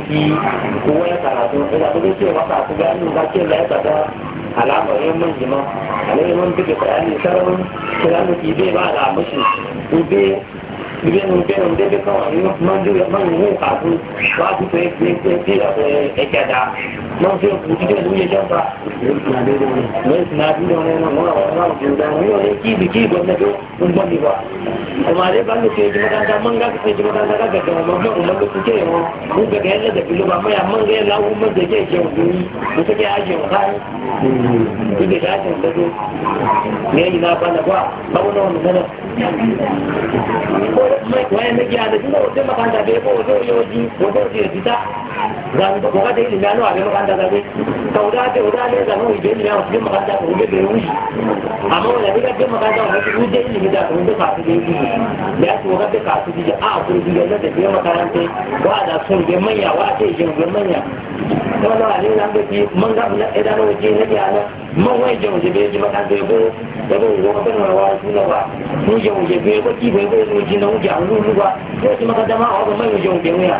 kuɗi ko wani karatu ina ko dai cewa ba ku gani ba ce da ya da alamar yin man jima alamar yin man duka bayani sararun kira mutu bai ba da mashi ko bai ìbẹ́nu ìbẹ́nu débẹ́ kan mọ́jú mọ́jú wù àbú wájú pé pé pé pé ẹ̀jẹ̀dá mọ́jú òkú dídé ìlú yẹn jọba. lóyún sì náà bílíọ̀nù ẹ̀rọ mọ́ àwọn ọmọ òkú ìgbà wọn yóò ní kíbi kí ìbọn mẹ́jọ ń gbọ́n mi wá. ọmọ àlẹ́ bá lókè ejimọ́ dáńdá mọ́ngá lókè ejimọ́ dáńdá gàgàgà wọn mọ́ ọmọ lókè jẹ́ wọn wọ́n gẹ̀gẹ́ ẹlẹ́dẹ̀gbẹ́ ló bá mọ́ ya mọ́ngá ẹ̀ láwọ́ mọ́jẹ jẹ́ ìjẹun lórí mo tẹ́kẹ́ àjẹun káyé ìgbè dá àjẹun lọ́dún ní ẹ̀yìn náà bá nàbọ́ àwọn wani na giya da jina wajen makanta bai ko wajen yoji wajen wajen fita zan da kuka da ilimi anu a bai makanta zabe kauda ta wuda ne zan wuce ilimi a wajen makanta ko bai bai wuce amma wani ne ga bai makanta wajen wuce ilimi da kuma bai kasu da ilimi da ya tuwa bai kasu da a kuma bai da bai makaranta wa da sun bai manya wa ta yi jin bai manya kuma na wani na bai fi man gafi na idan waje na giya na man wani jin wajen bai ji jàǹdù olúwa yóò ti mọ́kàndá máa ọ̀rọ̀ mọ́ ìròyìn òbẹ̀wé à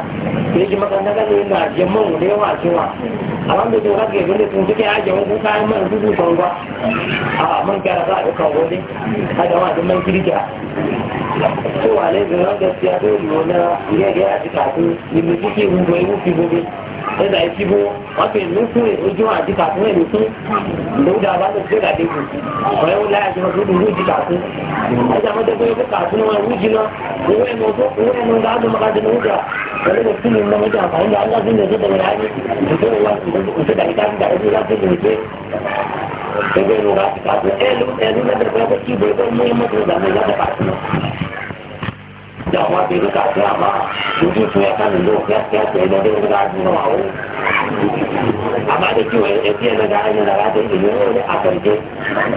yóò ti mọ́kàndá ká lóyún náà jẹ a òun léwà sí wa àwọn tó ti wọ́n kàkiri ìgbélé tó ń tó kí á jẹun kó ká mọ́ ìdúdú kan wá àwọn àmọ́ nǹkan àbá àdókà wọlé kájà wọn ẹ̀dà ìṣíbó wọ́n fi ìlú fún ojú àdìkà fún ìlú fún ìlú dàbá tó gbé gàdé kù ọ̀rẹ́ wọn láyà tí wọ́n ìlú jìkà fún ẹ̀dà mọ́tò pé ó kà fún wọn ìlú jìnà owó ẹnu owó ẹnu ńlá ló máa dín lóúnjẹ pẹ̀lú kò fún mi mọ́ mọ́tò àǹfààní lọ aláṣẹ ìlú tó tẹ̀lé láyé ìṣe wọn ìṣe dàbí ká gbà ẹbí láti ìlú pé ẹgbẹ́ ìlú rà ti kà fún ẹlú ẹlú lẹ́gbẹ̀ẹ́ jawab diri kakek apa jadi saya kan dulu kakek kakek jadi negara ini mau apa ada cuy itu negara negara itu ini oleh apa itu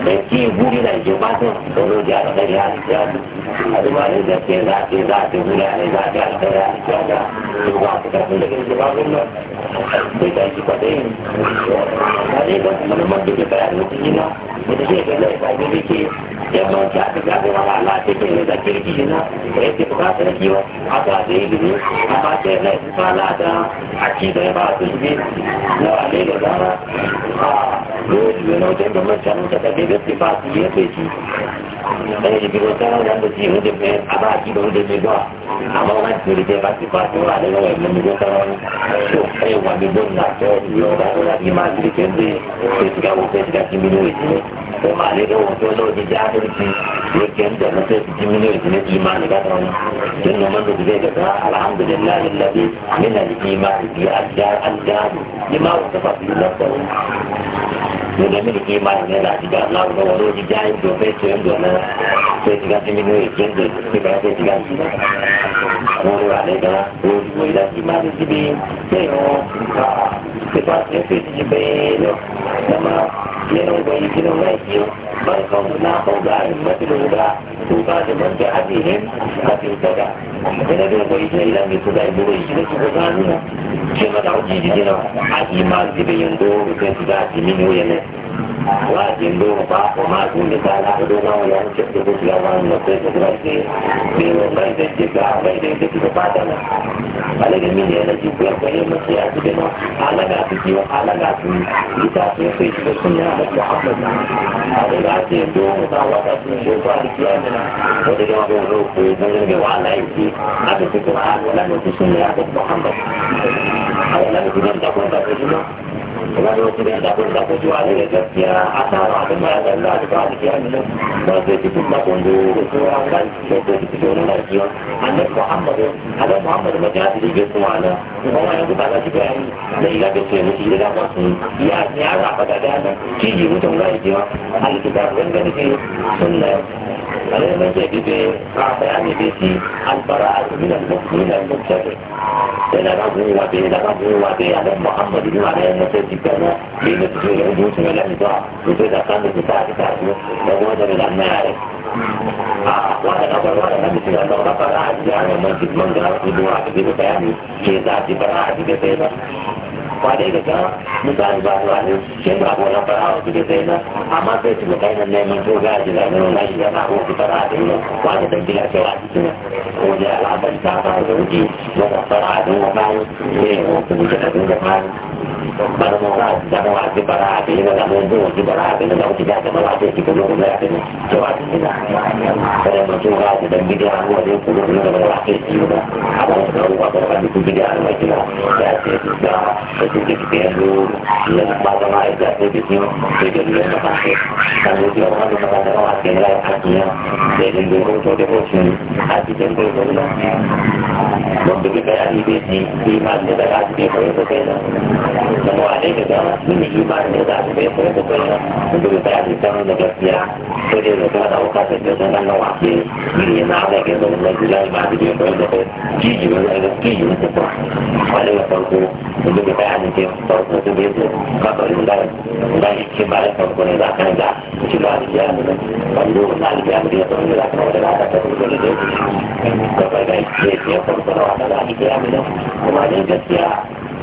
jadi budi dari jumat dulu jalan dari jalan ada mana dari jalan jalan itu budi dari jalan jalan jalan jalan juga kita punya kita punya kita kita ini ada kan menemui kita pada itu ini lah jadi kita dari pagi ini yang mau jadi jadi orang lain itu kita kiri kiri lah itu ba ta rakiwa a ba da ilimi a ba ta yana fala da a ci da ya ba su shi na a ne da zara a lori yana wajen da mancan da ta bai gaske ba su yi kai ci ɗaya da biyu ta wani da ci wajen mai a ba ci da wajen mai ba amma wani su rike ba su ba su ba da yawa yana mai ta wani so ɗaya wa mai don na ta wani yau da wani ni ma su rike da ya shiga wuce shiga cikin mini wuce ne ko ma ne da wato na wajen jahilci yake da na sai su ji mini wuce ne imani ga ta wani جل من بزيد جزاء الحمد لله الذي من الإيمان بأجزار أجزار لما في الله من من الإيمان من الأجزار لا وضوره جزائي في فيتو يمدو أنا فيتو غازي من هو يجند فيتو فيتو غازي أقولوا عليك أقول وإلى الإيمان الجبين سيرو فيتو فيتو جبين لما يرون بأي كنو ما يكيو ما يكون ناقو بأي مثل الوضع توقع جمان بأبيهم dada dada bɛ bɔ ijɛ ila mi kuda ibolo ijɛ sogo naani na jɛma na ɔji jiji na yi ma wa ba la o ka a ba ibɛ se tuba ba da la ale de min yɛlɛ ji bɛ bɛn ye ma se a zibe ma ala ka ti ta fi fi tigɛ kun ya ale ka a ale ba wa wa ala yi a ti fi kira wala ni ti sun ya ko muhammad a wala ni ti bɛ dako dako juma wala ni ti bɛ dako dako juma ale yɛrɛ fiya a ta a bɛ mara ka a ti a ti fiya minɛ wala ni ti fi ma ko n do o ko a ka jɔ ko ti fi ko nana a ni a bɛ muhammad ma jaa ti di bɛ kuma na o ma yɛrɛ ko ba ka jibe a ye mɛ i ka bɛ fiyɛ ni ti yɛrɛ ma sun i y'a a yɛrɛ a ka da da yɛrɛ k'i yi o tɔn ka jiyɔ ale ti ba fɛn fɛn ni فلا ما جاء به بعض يعني به البراءة من المؤمن المبتدع إلى رجل وبه إلى رجل وبه على محمد بن عليه المسجد كما بين تجول عدوس ولا نضاع وبدا قام بتاع بتاعته لو هذا من النار وأنا أقول وأنا مثل أن أغرق العادي يعني من في المنزل أقول واحد يبقى يعني شيء ذاتي براعة بكثيرة kwade da ga misali ba zuwa ne shin ba ko na fara su da zai na amma sai su kai nan neman to ga ji da nan na shi da na ko fara da ne kwa da dan bila cewa ne ko da al'amari ta ba da wuce eh, da fara da wani ne ko da ba Jangan wajib para hati ini mau mungkin wajib para ini mau tidak jangan wajib di kudu coba tidak. Saya mau dan video aku ada kudu kudu dengan wajib juga. Abang selalu waktu itu tidak ada wajib lah. Ya tidak, itu di pelu, yang pada mah itu aku di sini tidak dia nak orang itu pada hati ini lah hatinya jadi dulu jadi bosan hati jadi bosan di sini di mana ada hati kuma a daga ga sun da za su da da da na ala ke zama na gida ba da bai bayan da kai a gaske yi wata a daga farko da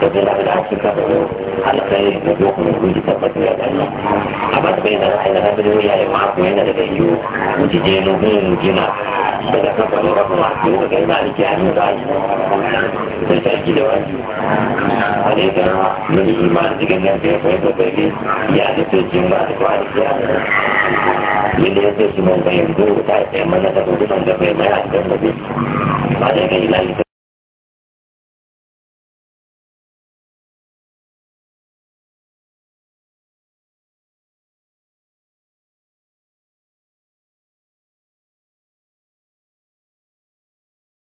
sọdọ la bila afi ka bọlọ alẹ yi ni o kun bi ta pati ya da nọ aba tẹ ẹ nana ẹ nana bẹ ẹ yàrá ma kun ẹ nana yi o ti jẹ ẹnu bẹ ẹnu jẹ ma bẹ ẹ ka bọlọ ka bọlọ afi o kẹ ẹ nana ba yi ẹ ta ji lẹ wa ju ale yi kan ní ní ma jẹgẹ ní ẹgbẹ fún ẹgbẹ bẹẹ bi yà á ti tẹ ma ti kọ àti tẹ àti yé ní ẹgbẹ sùnmọ nǹkan yẹn gbogbo ta ẹ mẹ náà ta kó tó náà ń gbẹ mẹ ẹ máa yà á ti tẹ ẹ mọ bi ma jẹ kẹ yìí láyé.